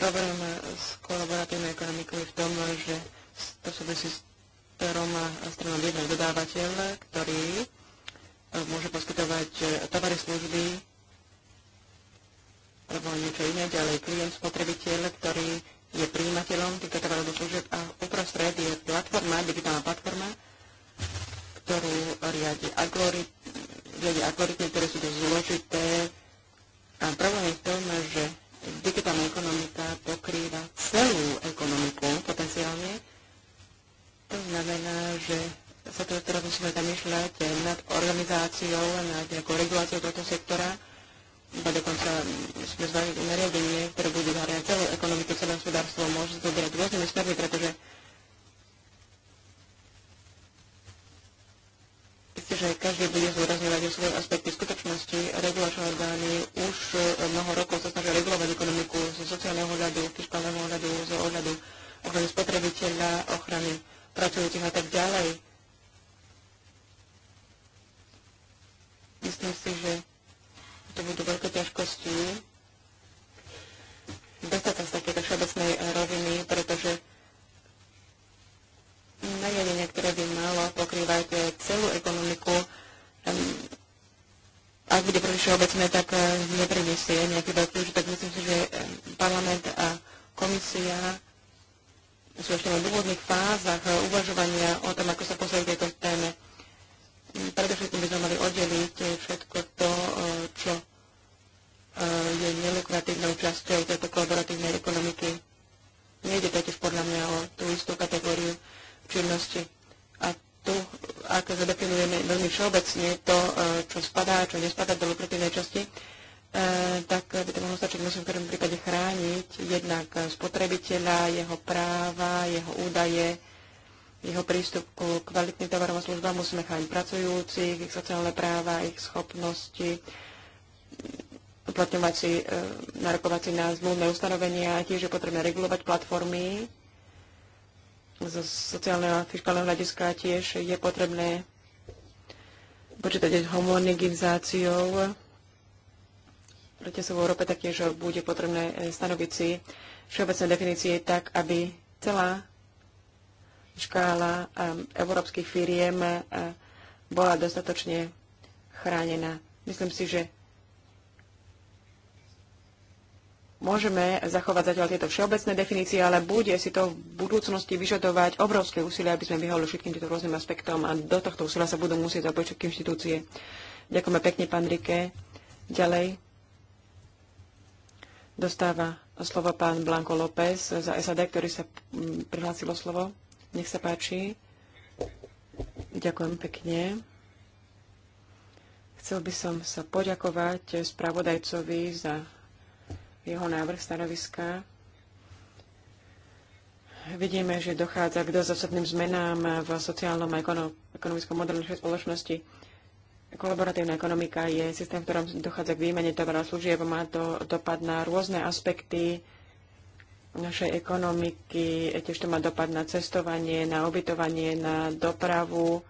Problém s kolaboratívnou ekonomikou je v tom, že to súvisí s a stranami jedného dodávateľ, ktorý e, môže poskytovať e, tovary služby alebo niečo iné, ďalej klient, spotrebiteľ, ktorý je príjimateľom týchto tovarov do služieb a uprostred je platforma, digitálna platforma, ktorú riadi, algoritmy, riadi algoritmy, ktoré sú dosť zložité. A problém je v tom, že digitálna ekonomika pokrýva celú ekonomiku potenciálne. To znamená, že sa to teraz musíme zamýšľať nad organizáciou, nad nejakou reguláciou tohto sektora, iba dokonca sme zvali nariadenie, ktoré bude zahrňať celú ekonomiku, celé hospodárstvo, môže sa zoberať rôznymi smermi, pretože že každý bude zúrazňovať svoje aspekty skutočnosti. Regulačné orgány už mnoho rokov sa snažia regulovať ekonomiku zo sociálneho hľadu, fiskálneho hľadu, z ohľadu ochrany spotrebiteľa, ochrany pracujúcich a tak ďalej. Myslím si, že to budú veľké ťažkosti dostať sa z takéto všeobecnej eh, roviny, pretože nariadenie, ktoré by malo pokrývať eh, celú ekonomiku, ak bude príliš všeobecné, tak eh, neprinesie nejaký veľký užitok. Myslím si, že parlament a komisia sú ešte na v fázach uvažovania o tom, ako sa postaviť tejto téme. Hm, predovšetkým by sme mali oddeliť všetko to, čo je nelukratívnou časťou tejto kolaboratívnej ekonomiky. Nejde totiž podľa mňa o tú istú kategóriu činnosti. A tu, ak zadefinujeme veľmi všeobecne to, e, čo spadá, a čo nespadá do lukratívnej časti, e, tak by to mohlo stačiť, musím v každom prípade chrániť jednak spotrebiteľa, jeho práva, jeho údaje, jeho prístup ku kvalitným tovarom a službám, musíme chrániť pracujúcich, ich sociálne práva, ich schopnosti, uplatňovať si e, narokovať na zmluvné ustanovenia, tiež je potrebné regulovať platformy. Zo sociálneho a fiskálneho hľadiska tiež je potrebné počítať s homogenizáciou. Preto sa v Európe taktiež bude potrebné e, stanoviť si všeobecné definície tak, aby celá škála e, európskych firiem bola dostatočne chránená. Myslím si, že Môžeme zachovať zatiaľ tieto všeobecné definície, ale bude si to v budúcnosti vyžadovať obrovské úsilie, aby sme vyhovali všetkým týmto rôznym aspektom a do tohto úsilia sa budú musieť zapojiť všetky inštitúcie. Ďakujeme pekne, pán Rike. Ďalej dostáva slovo pán Blanco López za SAD, ktorý sa mm, prihlásil slovo. Nech sa páči. Ďakujem pekne. Chcel by som sa poďakovať spravodajcovi za jeho návrh stanoviska. Vidíme, že dochádza k dosť osobným zmenám v sociálnom a ekonomickom modelu našej spoločnosti. Kolaboratívna ekonomika je systém, v ktorom dochádza k výmene tovar a služieb, má to dopad na rôzne aspekty našej ekonomiky, tiež to má dopad na cestovanie, na ubytovanie, na dopravu,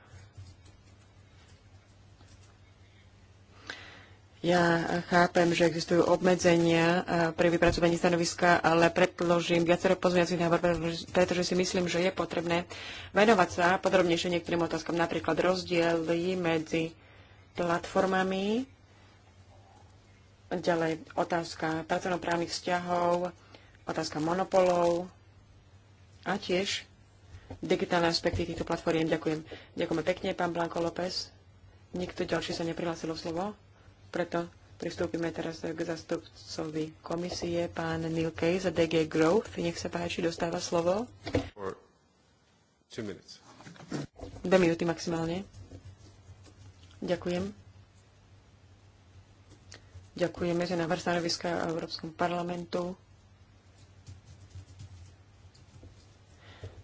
Ja chápem, že existujú obmedzenia e, pri vypracovaní stanoviska, ale predložím viacero pozmeňacích návrhov, pretože si myslím, že je potrebné venovať sa podrobnejšie niektorým otázkam, napríklad rozdiely medzi platformami, ďalej otázka pracovnoprávnych vzťahov, otázka monopolov a tiež digitálne aspekty týchto platform. Ďakujem. Ďakujeme pekne, pán Blanko López. Nikto ďalší sa neprihlásil o slovo? Preto pristúpime teraz k zastupcovi komisie, pán Neil Kay za DG Growth. Nech sa páči, dostáva slovo. Dve minúty maximálne. Ďakujem. Ďakujeme za návrh stanoviska Európskom parlamentu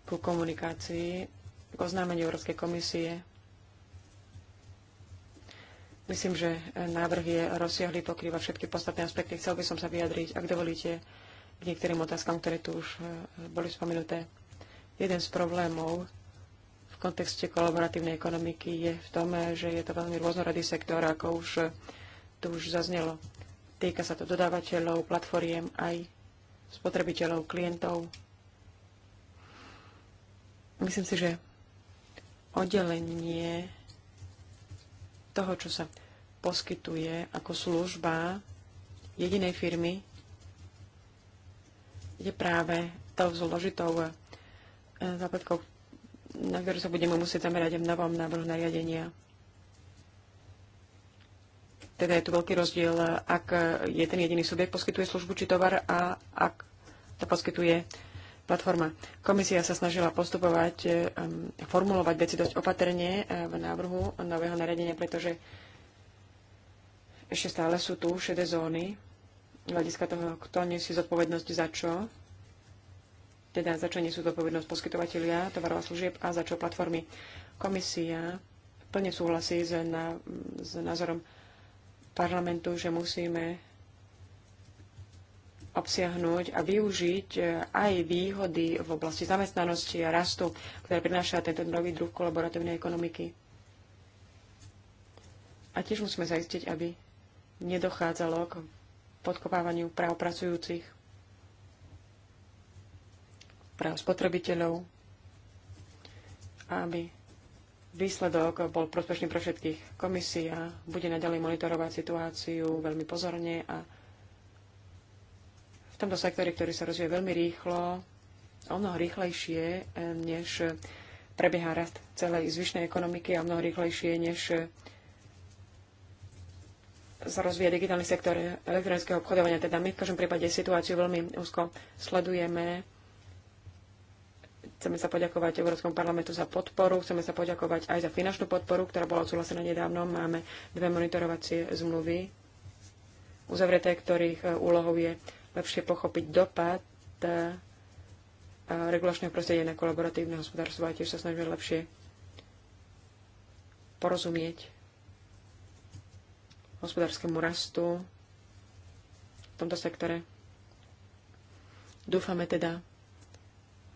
ku komunikácii, k oznámeniu Európskej komisie Myslím, že e, návrh je rozsiahly, pokrýva všetky podstatné aspekty. Chcel by som sa vyjadriť, ak dovolíte, k niektorým otázkam, ktoré tu už e, boli spomenuté. Jeden z problémov v kontexte kolaboratívnej ekonomiky je v tom, že je to veľmi rôznorodý sektor, ako už e, tu už zaznelo. Týka sa to dodávateľov, platformiem, aj spotrebiteľov, klientov. Myslím si, že oddelenie toho, čo sa poskytuje ako služba jedinej firmy, je práve tou zložitou eh, zápletkou, na ktorú sa budeme musieť zamerať v novom návrhu nariadenia. Teda je tu veľký rozdiel, ak je ten jediný subjekt poskytuje službu či tovar a ak to poskytuje platforma. Komisia sa snažila postupovať, e, formulovať veci dosť opatrne e, v návrhu nového nariadenia, pretože ešte stále sú tu šedé zóny hľadiska toho, kto nesie zodpovednosť za čo, teda za čo nesú zodpovednosť poskytovateľia tovarov a služieb a za čo platformy. Komisia plne súhlasí s, na, s názorom parlamentu, že musíme obsiahnuť a využiť e, aj výhody v oblasti zamestnanosti a rastu, ktoré prináša tento nový druh kolaboratívnej ekonomiky. A tiež musíme zaistiť, aby nedochádzalo k podkopávaniu práv pracujúcich, práv spotrebiteľov, aby výsledok bol prospešný pre všetkých. Komisia bude naďalej monitorovať situáciu veľmi pozorne a v tomto sektore, ktorý sa rozvíja veľmi rýchlo, o mnoho rýchlejšie, eh, než prebieha rast celej zvyšnej ekonomiky a o mnoho rýchlejšie, než eh, sa rozvíja digitálny sektor elektronického obchodovania. Teda my v každom prípade situáciu veľmi úzko sledujeme. Chceme sa poďakovať Európskom parlamentu za podporu, chceme sa poďakovať aj za finančnú podporu, ktorá bola odsúhlasená nedávno. Máme dve monitorovacie zmluvy uzavreté, ktorých eh, úlohou je lepšie pochopiť dopad e, regulačného prostredia na kolaboratívne hospodárstvo a tiež sa snažíme lepšie porozumieť hospodárskému rastu v tomto sektore. Dúfame teda,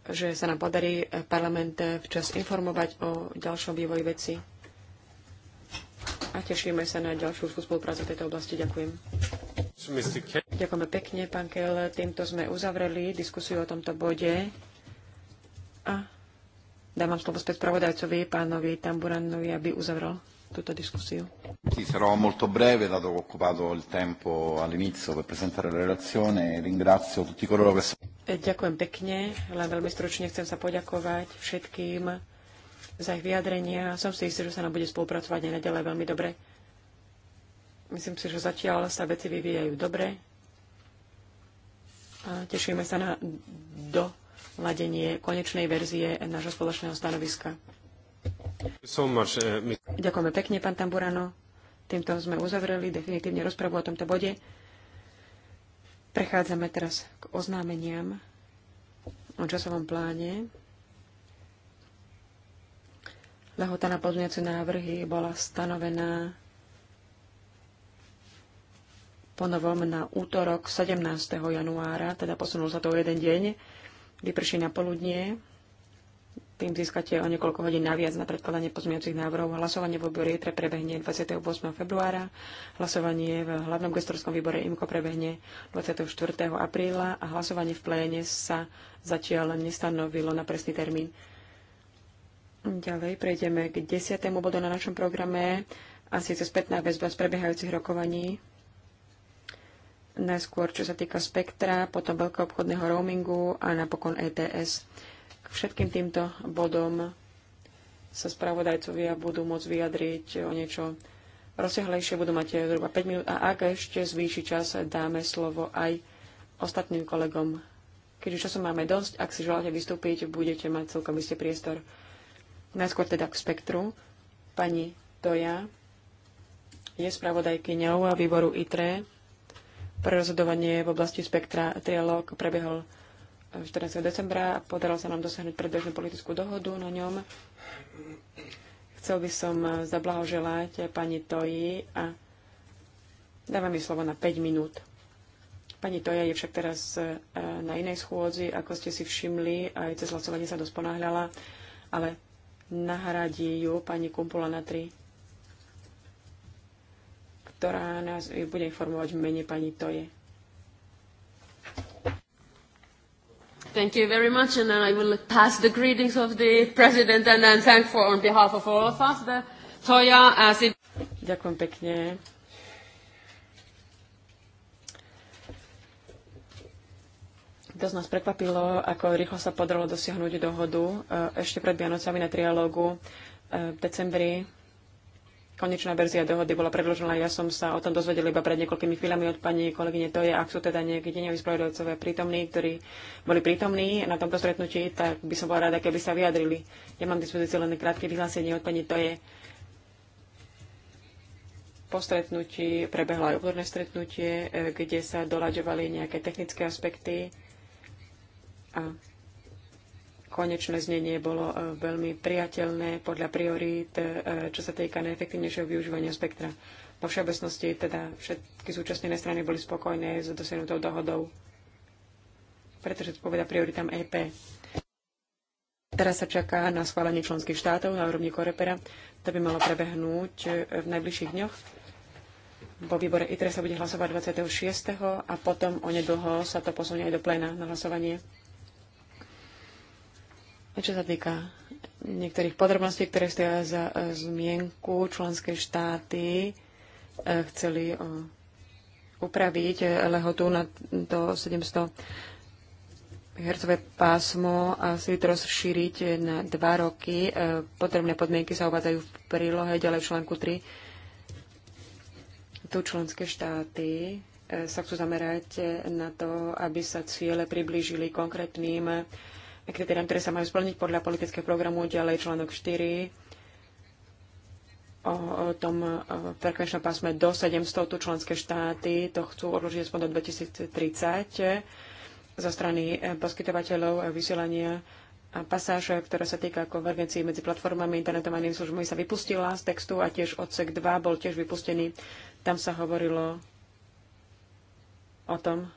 že sa nám podarí parlament včas informovať o ďalšom vývoji veci a tešíme sa na ďalšiu spoluprácu v tejto oblasti. Ďakujem. Ďakujeme pekne, pán Kel. Týmto sme uzavreli diskusiu o tomto bode. A dávam slovo späť spravodajcovi, pánovi Tamburanovi, aby uzavrel túto diskusiu. Sì, sarò molto breve, dato che ho occupato il tempo all'inizio per presentare la relazione. E ringrazio tutti coloro che... Eh, ďakujem pekne, len veľmi stručne chcem sa poďakovať všetkým za ich vyjadrenia. Som si istý, že sa nám bude spolupracovať aj naďalej veľmi dobre. Myslím si, že zatiaľ sa veci vyvíjajú dobre tešíme sa na doladenie konečnej verzie nášho spoločného stanoviska. So much, uh, Ďakujeme pekne, pán Tamburano. Týmto sme uzavreli definitívne rozpravu o tomto bode. Prechádzame teraz k oznámeniam o časovom pláne. Lehota na pozmeňujúce návrhy bola stanovená ponovom na útorok 17. januára, teda posunul sa to o jeden deň, vyprší na poludnie, tým získate o niekoľko hodín naviac na predkladanie pozmeňujúcich návrhov. Hlasovanie v výbore ITRE prebehne 28. februára, hlasovanie v hlavnom gestorskom výbore IMKO prebehne 24. apríla a hlasovanie v pléne sa zatiaľ nestanovilo na presný termín. Ďalej prejdeme k 10. bodu na našom programe a síce spätná väzba z prebiehajúcich rokovaní najskôr čo sa týka spektra, potom obchodného roamingu a napokon ETS. K všetkým týmto bodom sa spravodajcovia budú môcť vyjadriť o niečo rozsiahlejšie, budú mať zhruba 5 minút a ak ešte zvýši čas, dáme slovo aj ostatným kolegom. Keďže času máme dosť, ak si želáte vystúpiť, budete mať celkom istý priestor. Najskôr teda k spektru. Pani Toja je spravodajkyňou výboru ITRE pre rozhodovanie v oblasti spektra trialóg prebiehol 14. Eh, decembra. Podarilo sa nám dosiahnuť predbežnú politickú dohodu na ňom. Chcel by som eh, zablahoželať eh, pani Toji a dávam mi slovo na 5 minút. Pani Toja je však teraz na inej schôdzi, ako ste si všimli, aj cez hlasovanie sa dosť ponáhľala, ale nahradí ju pani Kumpula na 3 ktorá nás bude informovať v mene pani Toje. Thank you very much, and I will pass the greetings of the president and then thank for on behalf of all of us the Toya as it... Ďakujem pekne. Dosť nás prekvapilo, ako rýchlo sa podarilo dosiahnuť dohodu e, ešte pred Vianocami na trialógu e, v decembri konečná verzia dohody bola predložená. Ja som sa o tom dozvedel iba pred niekoľkými chvíľami od pani kolegyne Toje. Ak sú teda nejakí deňoví spravodajcovia prítomní, ktorí boli prítomní na tomto stretnutí, tak by som bola rada, keby sa vyjadrili. Ja mám dispozícii len krátke vyhlásenie od pani Toje. Po stretnutí prebehlo aj odborné stretnutie, eh, kde sa doľaďovali nejaké technické aspekty a konečné znenie bolo e, veľmi priateľné podľa priorít, e, čo sa týka najefektívnejšieho využívania spektra. Vo všeobecnosti teda všetky zúčastnené strany boli spokojné s dosiahnutou dohodou, pretože to poveda prioritám EP. Teraz sa čaká na schválenie členských štátov na úrovni Korepera. To by malo prebehnúť e, v najbližších dňoch. Vo výbore ITRE sa bude hlasovať 26. a potom onedlho sa to posunie aj do pléna na hlasovanie čo sa týka niektorých podrobností, ktoré stoja za e, zmienku, členské štáty e, chceli upraviť e, lehotu na to 700 hercové pásmo a si to rozšíriť na dva roky. Potrebné podmienky sa uvádzajú v prílohe, ďalej v článku 3. Tu členské štáty sa chcú zamerať na to, aby sa ciele priblížili konkrétnym kritériám, ktoré sa majú splniť podľa politického programu, ďalej článok 4 o, tom e, frekvenčnom pásme do 700, tu členské štáty to chcú odložiť aspoň do 2030 zo strany e, poskytovateľov e, vysielania a pasáž, ktorá sa týka konvergencií medzi platformami, internetom a inými službami, sa vypustila z textu a tiež odsek 2 bol tiež vypustený. Tam sa hovorilo o tom,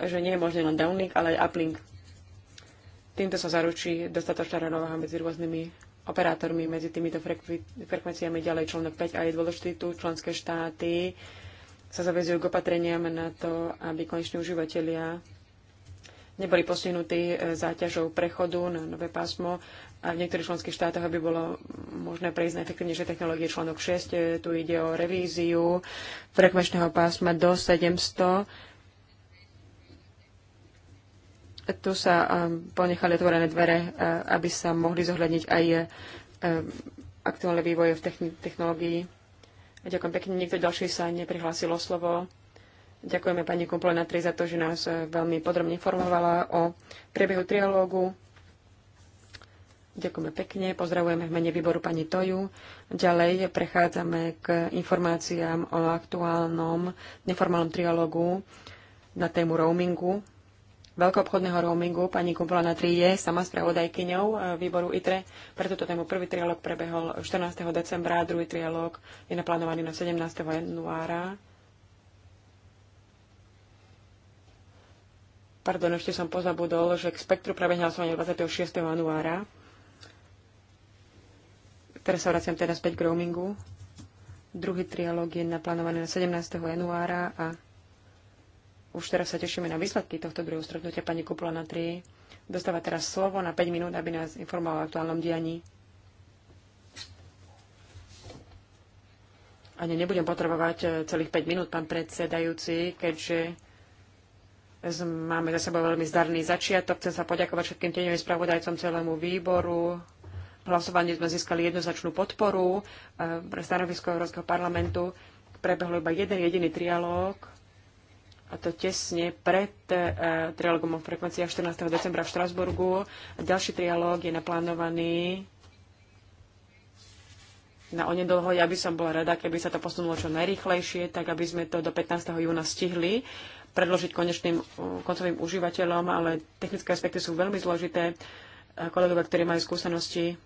že nie je možný len downlink, ale aj uplink. Týmto sa zaručí dostatočná rovnováha medzi rôznymi operátormi, medzi týmito frekvenciami ďalej článok 5 a je dôležitý tu členské štáty sa zavezujú k opatreniam na to, aby koneční užívateľia neboli postihnutí e, záťažou prechodu na nové pásmo a v niektorých členských štátoch by bolo možné prejsť na efektívnejšie technológie. Článok 6, e, tu ide o revíziu frekvenčného pásma do 700 tu sa eh, ponechali otvorené dvere, eh, aby sa mohli zohľadniť aj eh, aktuálne vývoje v technológii. Ďakujem pekne. Niekto ďalší sa neprihlásil o slovo. Ďakujeme pani Kumplenatri za to, že nás veľmi podrobne informovala o priebehu trialógu. Ďakujeme pekne. Pozdravujeme v mene výboru pani Toju. Ďalej prechádzame k informáciám o aktuálnom neformálnom trialógu na tému roamingu veľkoobchodného roamingu. Pani Kumpula Tríde, je sama spravodajkyňou eh, výboru ITRE. Pre túto tému prvý trialog prebehol 14. decembra, druhý trialog je naplánovaný na 17. januára. Pardon, ešte som pozabudol, že k spektru prebehne hlasovanie 26. januára. Teraz sa vraciam teda späť k roamingu. Druhý trialog je naplánovaný na 17. januára a už teraz sa tešíme na výsledky tohto druhého stretnutia. Pani Kupula na 3 dostáva teraz slovo na 5 minút, aby nás informovala o aktuálnom dianí. Ani nebudem potrebovať e, celých 5 minút, pán predsedajúci, keďže máme za sebou veľmi zdarný začiatok. Chcem sa poďakovať všetkým tieňovým spravodajcom celému výboru, hlasovaní sme získali jednoznačnú podporu e, pre stanovisko Európskeho parlamentu. Prebehlo iba jeden jediný trialóg a to tesne pred uh, trialogom o frekvenciách 14. decembra v Štrasburgu. A ďalší trialog je naplánovaný na onedlho. Ja by som bola rada, keby sa to posunulo čo najrychlejšie, tak aby sme to do 15. júna stihli predložiť konečným uh, koncovým užívateľom, ale technické aspekty sú veľmi zložité. Uh, kolegovia, ktorí majú skúsenosti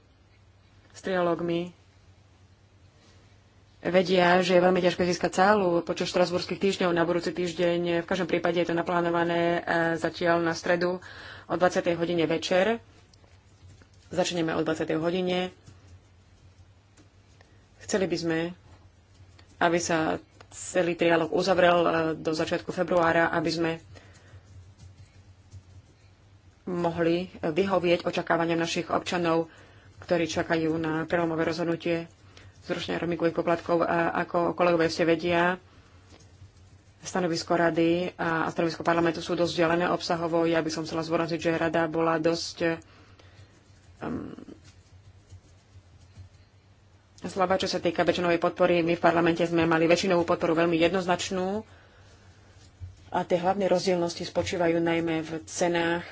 s trialogmi, vedia, že je veľmi ťažké získať sálu počas štrasburských týždňov na budúci týždeň. V každom prípade je to naplánované e, zatiaľ na stredu o 20. hodine večer. Začneme o 20. hodine. Chceli by sme, aby sa celý trialog uzavrel e, do začiatku februára, aby sme mohli vyhovieť očakávaniam našich občanov, ktorí čakajú na prelomové rozhodnutie zrušenia roamingových poplatkov, ako kolegovia ste vedia, stanovisko rady a stanovisko parlamentu sú dosť vzdialené obsahovo. Ja by som chcela zvorazniť, že rada bola dosť um, slabá, čo sa týka väčšinovej podpory. My v parlamente sme mali väčšinovú podporu veľmi jednoznačnú a tie hlavné rozdielnosti spočívajú najmä v cenách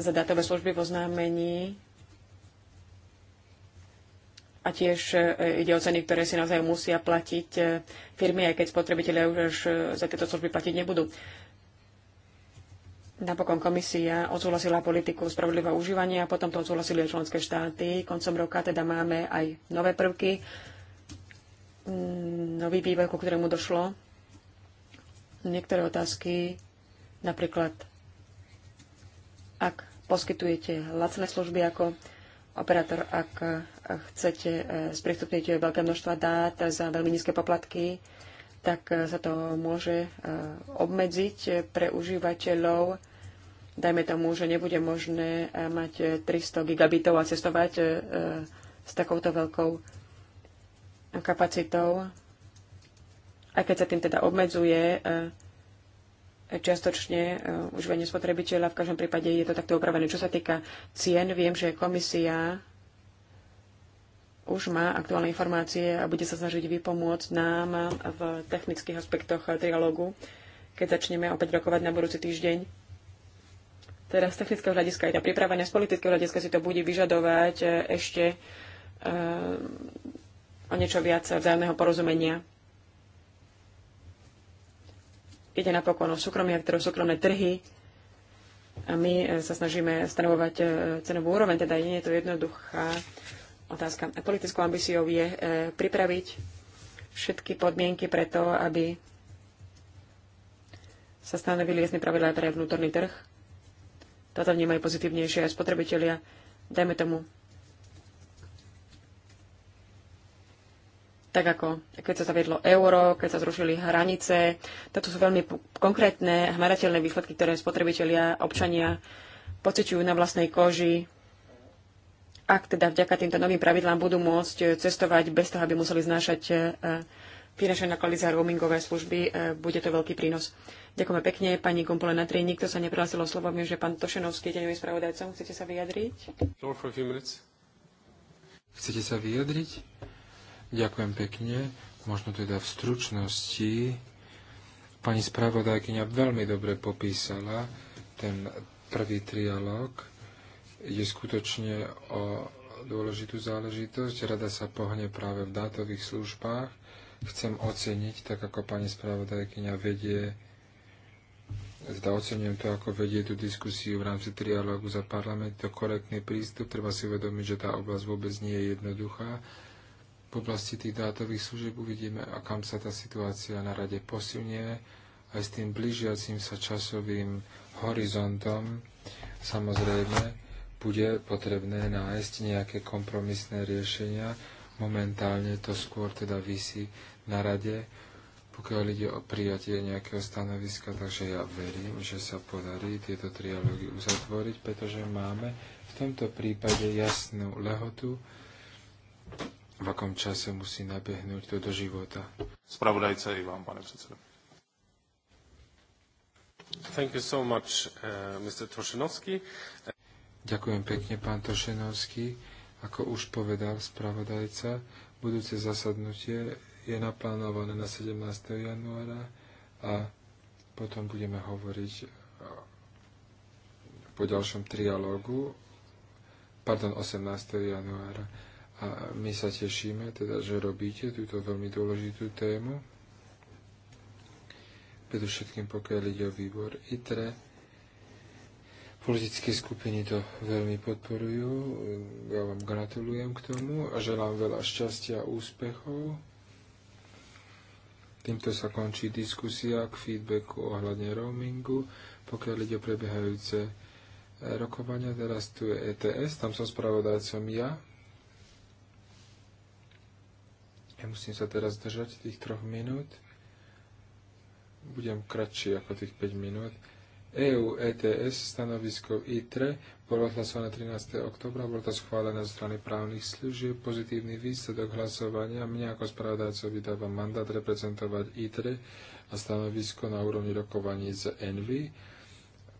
za datové služby v oznámení a tiež e, ide o ceny, ktoré si naozaj musia platiť e, firmy, aj keď spotrebitelia už až e, za tieto služby platiť nebudú. Napokon komisia odsúhlasila politiku spravodlivého užívania a potom to odsúhlasili aj členské štáty. Koncom roka teda máme aj nové prvky, mm, nový vývoj, ku ktorému došlo. Niektoré otázky, napríklad ak poskytujete lacné služby ako operátor, ak chcete eh, sprístupniť veľké množstva dát za veľmi nízke poplatky, tak eh, sa to môže eh, obmedziť pre užívateľov. Dajme tomu, že nebude možné mať 300 gigabitov a cestovať s takouto veľkou kapacitou. A keď sa tým teda obmedzuje čiastočne e, užívanie spotrebiteľa. V každom prípade je to takto upravené. Čo sa týka cien, viem, že komisia už má aktuálne informácie a bude sa snažiť vypomôcť nám v technických aspektoch trialógu, keď začneme opäť rokovať na budúci týždeň. Teraz z technického hľadiska je to pripravené, z politického hľadiska si to bude vyžadovať e, ešte e, o niečo viac vzájomného porozumenia Ide napokon o súkromie ktoré súkromné trhy a my e, sa snažíme stanovovať e, cenovú úroveň, teda nie je to jednoduchá otázka. A politickou ambíciou je e, pripraviť všetky podmienky preto, aby sa stanovili jasné pravidlá pre vnútorný trh. Toto vnímajú pozitívnejšie aj spotrebitelia. Dajme tomu, tak ako keď sa zaviedlo euro, keď sa zrušili hranice. Toto sú veľmi konkrétne, hmerateľné výsledky, ktoré spotrebitelia, občania pociťujú na vlastnej koži. Ak teda vďaka týmto novým pravidlám budú môcť eh, cestovať bez toho, aby museli znášať eh, finančné náklady za roamingové služby, eh, bude to veľký prínos. Ďakujeme pekne, pani Gompole na tri. Nikto sa neprihlásil o slovo. že pán Tošenovský, deňový spravodajcom, chcete sa vyjadriť? Chcete sa vyjadriť? Ďakujem pekne. Možno teda v stručnosti. Pani spravodajkyňa veľmi dobre popísala ten prvý trialog. Je skutočne o dôležitú záležitosť. Rada sa pohne práve v dátových službách. Chcem oceniť, tak ako pani spravodajkyňa vedie, zda teda ocenujem to, ako vedie tú diskusiu v rámci trialógu za parlament, to korektný prístup. Treba si uvedomiť, že tá oblasť vôbec nie je jednoduchá v oblasti tých dátových služieb uvidíme, a kam sa tá situácia na rade posilnie. aj s tým blížiacim sa časovým horizontom. Samozrejme, bude potrebné nájsť nejaké kompromisné riešenia. Momentálne to skôr teda vysí na rade, pokiaľ ide o prijatie nejakého stanoviska, takže ja verím, že sa podarí tieto trialógy uzatvoriť, pretože máme v tomto prípade jasnú lehotu, v akom čase musí nabehnúť to do života. Spravodajca i vám, pane predseda. Thank you so much, uh, Mr. Tošenovský. Ďakujem pekne, pán Tošenovský. Ako už povedal spravodajca, budúce zasadnutie je naplánované na 17. januára a potom budeme hovoriť uh, po ďalšom trialógu, pardon, 18. januára. A my sa tešíme, teda, že robíte túto veľmi dôležitú tému. všetkým pokiaľ ide o výbor ITRE, politické skupiny to veľmi podporujú. Ja vám gratulujem k tomu a želám veľa šťastia a úspechov. Týmto sa končí diskusia k feedbacku ohľadne roamingu. Pokiaľ ide o prebiehajúce rokovania, teraz tu je ETS, tam som spravodajcom ja. Ja musím sa teraz držať tých troch minút. Budem kratší ako tých 5 minút. EU ETS stanovisko ITRE bolo odhlasované 13. oktobra, bolo to schválené zo strany právnych služieb. Pozitívny výsledok hlasovania mňa ako spravodajcov vydáva mandát reprezentovať ITRE a stanovisko na úrovni rokovaní z ENVY.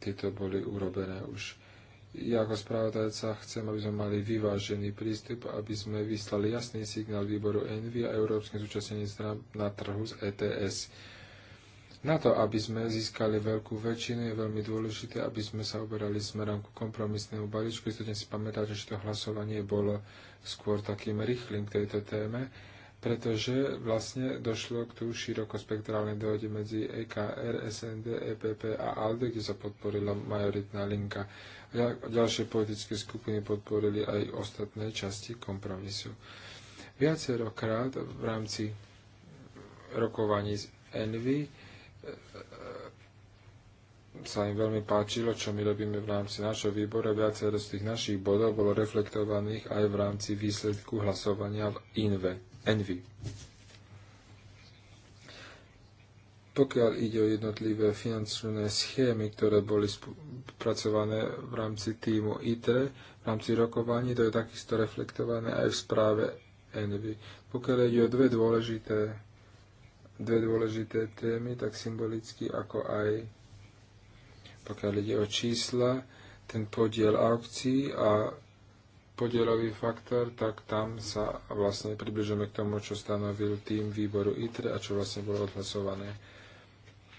Tieto boli urobené už ja ako spravodajca chcem, aby sme mali vyvážený prístup, aby sme vyslali jasný signál výboru ENVI a európskym zúčastneným na trhu z ETS. Na to, aby sme získali veľkú väčšinu, je veľmi dôležité, aby sme sa oberali smerom ku kompromisnému balíčku. Istotne si pamätáte, že to hlasovanie bolo skôr takým rýchlým k tejto téme, pretože vlastne došlo k tu širokospektrálnej dohode medzi EKR, SND, EPP a ALDE, kde sa podporila majoritná linka ďalšie politické skupiny podporili aj ostatné časti kompromisu. Viacerokrát v rámci rokovaní z Envy e, e, sa im veľmi páčilo, čo my robíme v rámci našho výbora. Viacero z tých našich bodov bolo reflektovaných aj v rámci výsledku hlasovania v Inve, Envy pokiaľ ide o jednotlivé finančné schémy, ktoré boli spracované v rámci týmu IT, v rámci rokovaní, to je takisto reflektované aj v správe Envy. Pokiaľ ide o dve dôležité, dve dôležité témy, tak symbolicky ako aj pokiaľ ide o čísla, ten podiel aukcií a podielový faktor, tak tam sa vlastne približujeme k tomu, čo stanovil tým výboru ITRE a čo vlastne bolo odhlasované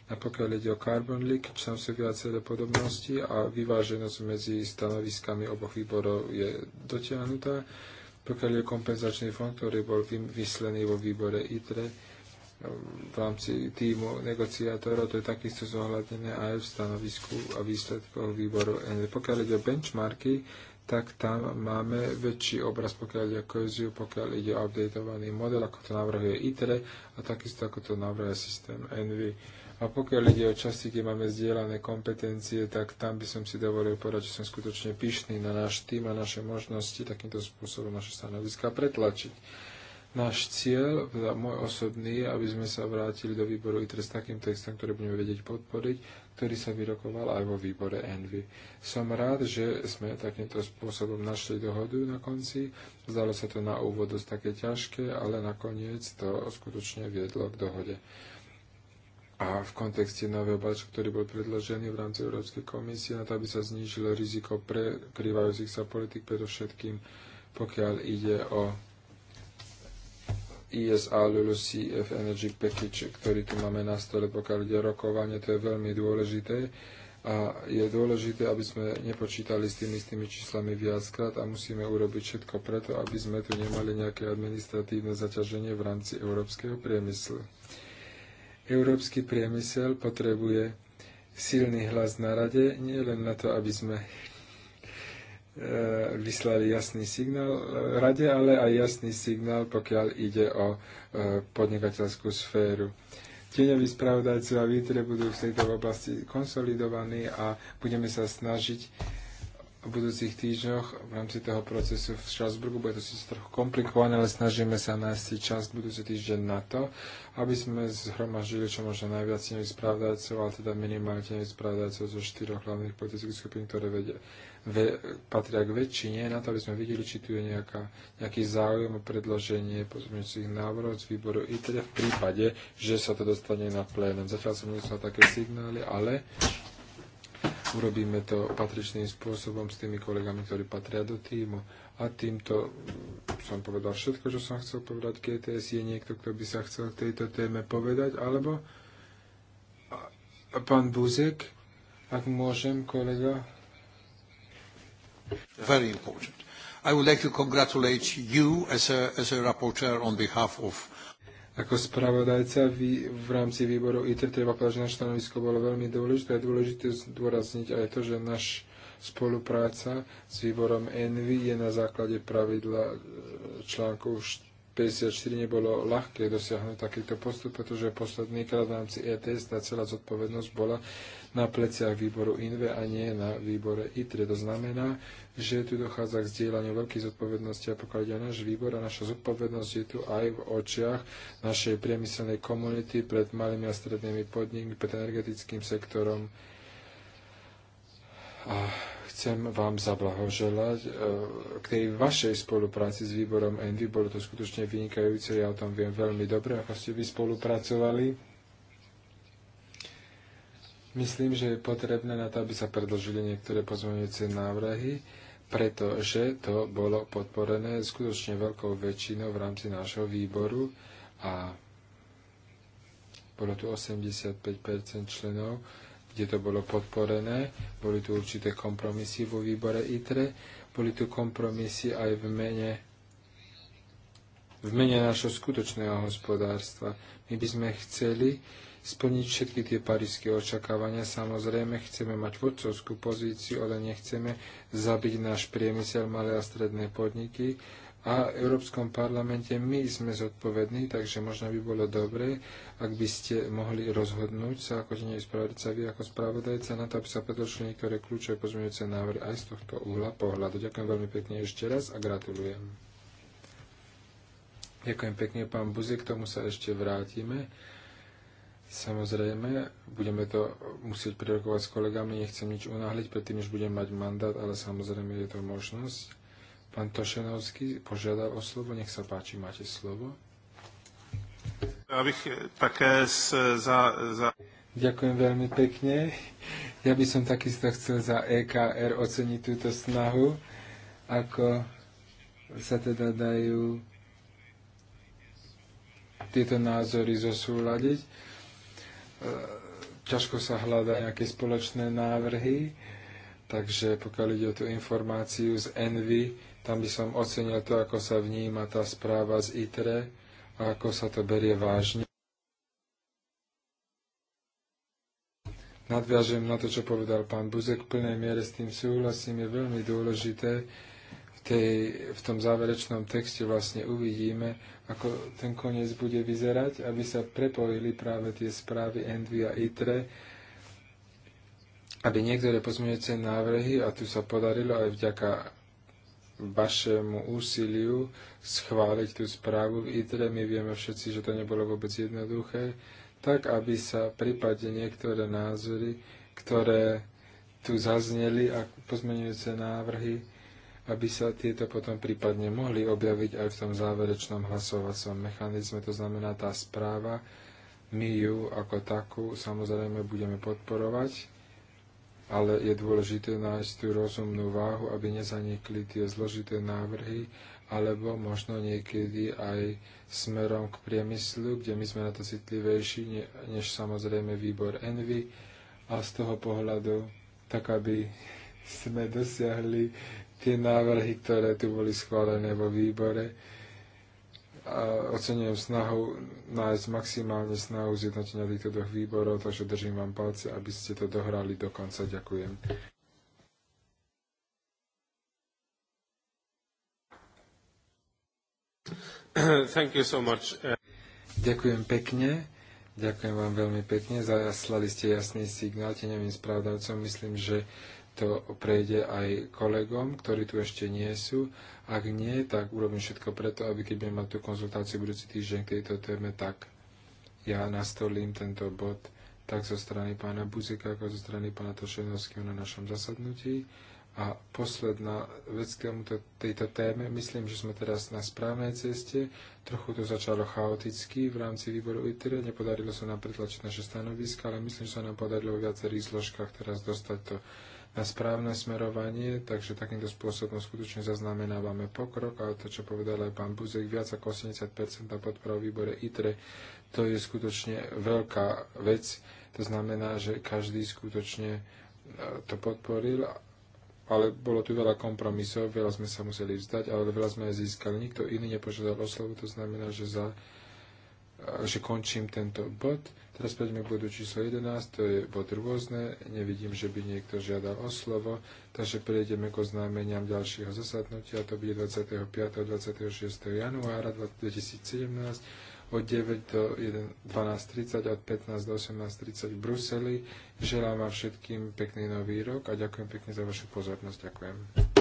a pokiaľ ide o carbon čo tam sú viaceré podobnosti a vyváženosť medzi stanoviskami oboch výborov je dotiahnutá. Pokiaľ je kompenzačný fond, ktorý bol vyslený vo výbore ITRE e, v rámci týmu negociátorov, to je takisto zohľadené aj v stanovisku a výsledkoch výboru ENVY. Pokiaľ ide o benchmarky, tak tam máme väčší obraz, pokiaľ ide o koziu, pokiaľ ide o updatovaný model, ako to navrhuje ITRE a takisto ako to navrhuje systém Envy. A pokiaľ ide o časti, kde máme zdieľané kompetencie, tak tam by som si dovolil povedať, že som skutočne pyšný na náš tým a naše možnosti takýmto spôsobom naše stanoviska pretlačiť. Náš cieľ, teda môj osobný, je, aby sme sa vrátili do výboru ITRE s takým textom, ktorý budeme vedieť podporiť, ktorý sa vyrokoval aj vo výbore ENVY. Som rád, že sme takýmto spôsobom našli dohodu na konci. Zdalo sa to na úvod dosť také ťažké, ale nakoniec to skutočne viedlo k dohode a v kontexte nového balíčka, ktorý bol predložený v rámci Európskej komisie, na to, aby sa znížilo riziko prekrývajúcich sa politik, predovšetkým pokiaľ ide o ISA e LULUCF Energy Package, ktorý tu máme na stole, pokiaľ ide o rokovanie, to je veľmi dôležité. A je dôležité, aby sme nepočítali s tými istými číslami viackrát a musíme urobiť všetko preto, aby sme tu nemali nejaké administratívne zaťaženie v rámci európskeho priemyslu. Európsky priemysel potrebuje silný hlas na rade, nie len na to, aby sme e, vyslali jasný signál rade, ale aj jasný signál, pokiaľ ide o e, podnikateľskú sféru. Tieňoví spravodajcovia výtre budú v tejto oblasti konsolidovaní a budeme sa snažiť v budúcich týždňoch v rámci toho procesu v Štrasburgu. Bude to síce trochu komplikované, ale snažíme sa nájsť čas budúci týždeň na to, aby sme zhromaždili čo možno najviac nových správdajcov, ale teda minimálne nových správdajcov zo štyroch hlavných politických skupín, ktoré vedie, ve, patria k väčšine, na to, aby sme videli, či tu je nejaká, nejaký záujem o predloženie pozmeňujúcich návrhov z výboru teda v prípade, že sa to dostane na plénum. Zatiaľ som nesol také signály, ale Urobíme to patričným spôsobom s tými kolegami, ktorí patria do týmu. A týmto som povedal všetko, čo som chcel povedať k Je niekto, kto by sa chcel k tejto téme povedať? Alebo pán Buzek, ak môžem, kolega? Very important. I would like to congratulate you as a, as a rapporteur on behalf of ako spravodajca vý, v rámci výboru IT treba povedať, že naše stanovisko bolo veľmi dôležité. Je dôležité zdôrazniť aj to, že naš spolupráca s výborom ENVY je na základe pravidla e, článkov 54 nebolo ľahké dosiahnuť takýto postup, pretože posledný krát v rámci ETS tá celá zodpovednosť bola na pleciach výboru INVE a nie na výbore ITRE. To znamená, že tu dochádza k zdieľaniu veľkých zodpovedností a pokiaľ ide náš výbor a naša zodpovednosť je tu aj v očiach našej priemyselnej komunity pred malými a strednými podnikmi, pred energetickým sektorom a chcem vám zablahoželať e, k tej vašej spolupráci s výborom Envy. Bolo to skutočne vynikajúce, ja o tom viem veľmi dobre, ako ste vy spolupracovali. Myslím, že je potrebné na to, aby sa predložili niektoré pozmeňujúce návrhy, pretože to bolo podporené skutočne veľkou väčšinou v rámci nášho výboru a bolo tu 85 členov, kde to bolo podporené. Boli tu určité kompromisy vo výbore ITRE, boli tu kompromisy aj v mene v mene našho skutočného hospodárstva. My by sme chceli splniť všetky tie parížské očakávania. Samozrejme, chceme mať vodcovskú pozíciu, ale nechceme zabiť náš priemysel, malé a stredné podniky a v Európskom parlamente my sme zodpovední, takže možno by bolo dobre, ak by ste mohli rozhodnúť sa ako denej spravodajca vy ako spravodajca na to, aby sa predložili niektoré kľúčové pozmeňujúce návrhy aj z tohto uhla pohľadu. Ďakujem veľmi pekne ešte raz a gratulujem. Ďakujem pekne, pán Buzi, k tomu sa ešte vrátime. Samozrejme, budeme to musieť prerokovať s kolegami, nechcem nič unáhliť predtým, než budem mať mandát, ale samozrejme je to možnosť. Pán Tošenovský požiadal o slovo. Nech sa páči, máte slovo. Ja bych také za, za... Ďakujem veľmi pekne. Ja by som takisto chcel za EKR oceniť túto snahu, ako sa teda dajú tieto názory zosúľadiť. E, ťažko sa hľada nejaké spoločné návrhy, takže pokiaľ ide o tú informáciu z Envy, tam by som ocenil to, ako sa vníma tá správa z ITRE a ako sa to berie vážne. Nadviažem na to, čo povedal pán Buzek, v plnej miere s tým súhlasím, je veľmi dôležité. V, tej, v tom záverečnom texte vlastne uvidíme, ako ten koniec bude vyzerať, aby sa prepojili práve tie správy Envy a ITRE, aby niektoré pozmeňujúce návrhy, a tu sa podarilo aj vďaka vašemu úsiliu schváliť tú správu v ITRE. Teda my vieme všetci, že to nebolo vôbec jednoduché, tak aby sa prípadne niektoré názory, ktoré tu zazneli a pozmenujúce návrhy, aby sa tieto potom prípadne mohli objaviť aj v tom záverečnom hlasovacom mechanizme. To znamená, tá správa, my ju ako takú samozrejme budeme podporovať ale je dôležité nájsť tú rozumnú váhu, aby nezanikli tie zložité návrhy, alebo možno niekedy aj smerom k priemyslu, kde my sme na to citlivejší než samozrejme výbor Envy. A z toho pohľadu, tak aby [LAUGHS] sme dosiahli tie návrhy, ktoré tu boli schválené vo výbore, ocenujem snahu nájsť maximálne snahu zjednotenia týchto dvoch výborov, takže držím vám palce, aby ste to dohrali do konca. Ďakujem. [CLEARS THROAT] Thank you so much. Ďakujem pekne. Ďakujem vám veľmi pekne. Zaslali ste jasný signál teňovým správdavcom. Myslím, že to prejde aj kolegom, ktorí tu ešte nie sú. Ak nie, tak urobím všetko preto, aby keď budem mať tú konzultáciu budúci týždeň k tejto téme, tak ja nastolím tento bod tak zo strany pána Buzika, ako zo strany pána Tošenovského na našom zasadnutí. A posledná vec k tomuto, tejto téme, myslím, že sme teraz na správnej ceste. Trochu to začalo chaoticky v rámci výboru ITR, nepodarilo sa nám pretlačiť naše stanoviska, ale myslím, že sa nám podarilo v viacerých zložkách teraz dostať to na správne smerovanie, takže takýmto spôsobom skutočne zaznamenávame pokrok, ale to, čo povedal aj pán Buzek, viac ako 80% na podpora výbore ITRE, to je skutočne veľká vec. To znamená, že každý skutočne e, to podporil, ale bolo tu veľa kompromisov, veľa sme sa museli vzdať, ale veľa sme aj získali. Nikto iný nepožiadal o slovo, to znamená, že za že končím tento bod. Teraz poďme k bodu číslo 11, to je bod rôzne. Nevidím, že by niekto žiadal o slovo, takže prejdeme k oznámeniam ďalšieho zasadnutia. To bude 25. a 26. januára 2017 od 9 do 12.30, od 15 do 18.30 v Bruseli. Želám vám všetkým pekný nový rok a ďakujem pekne za vašu pozornosť. Ďakujem.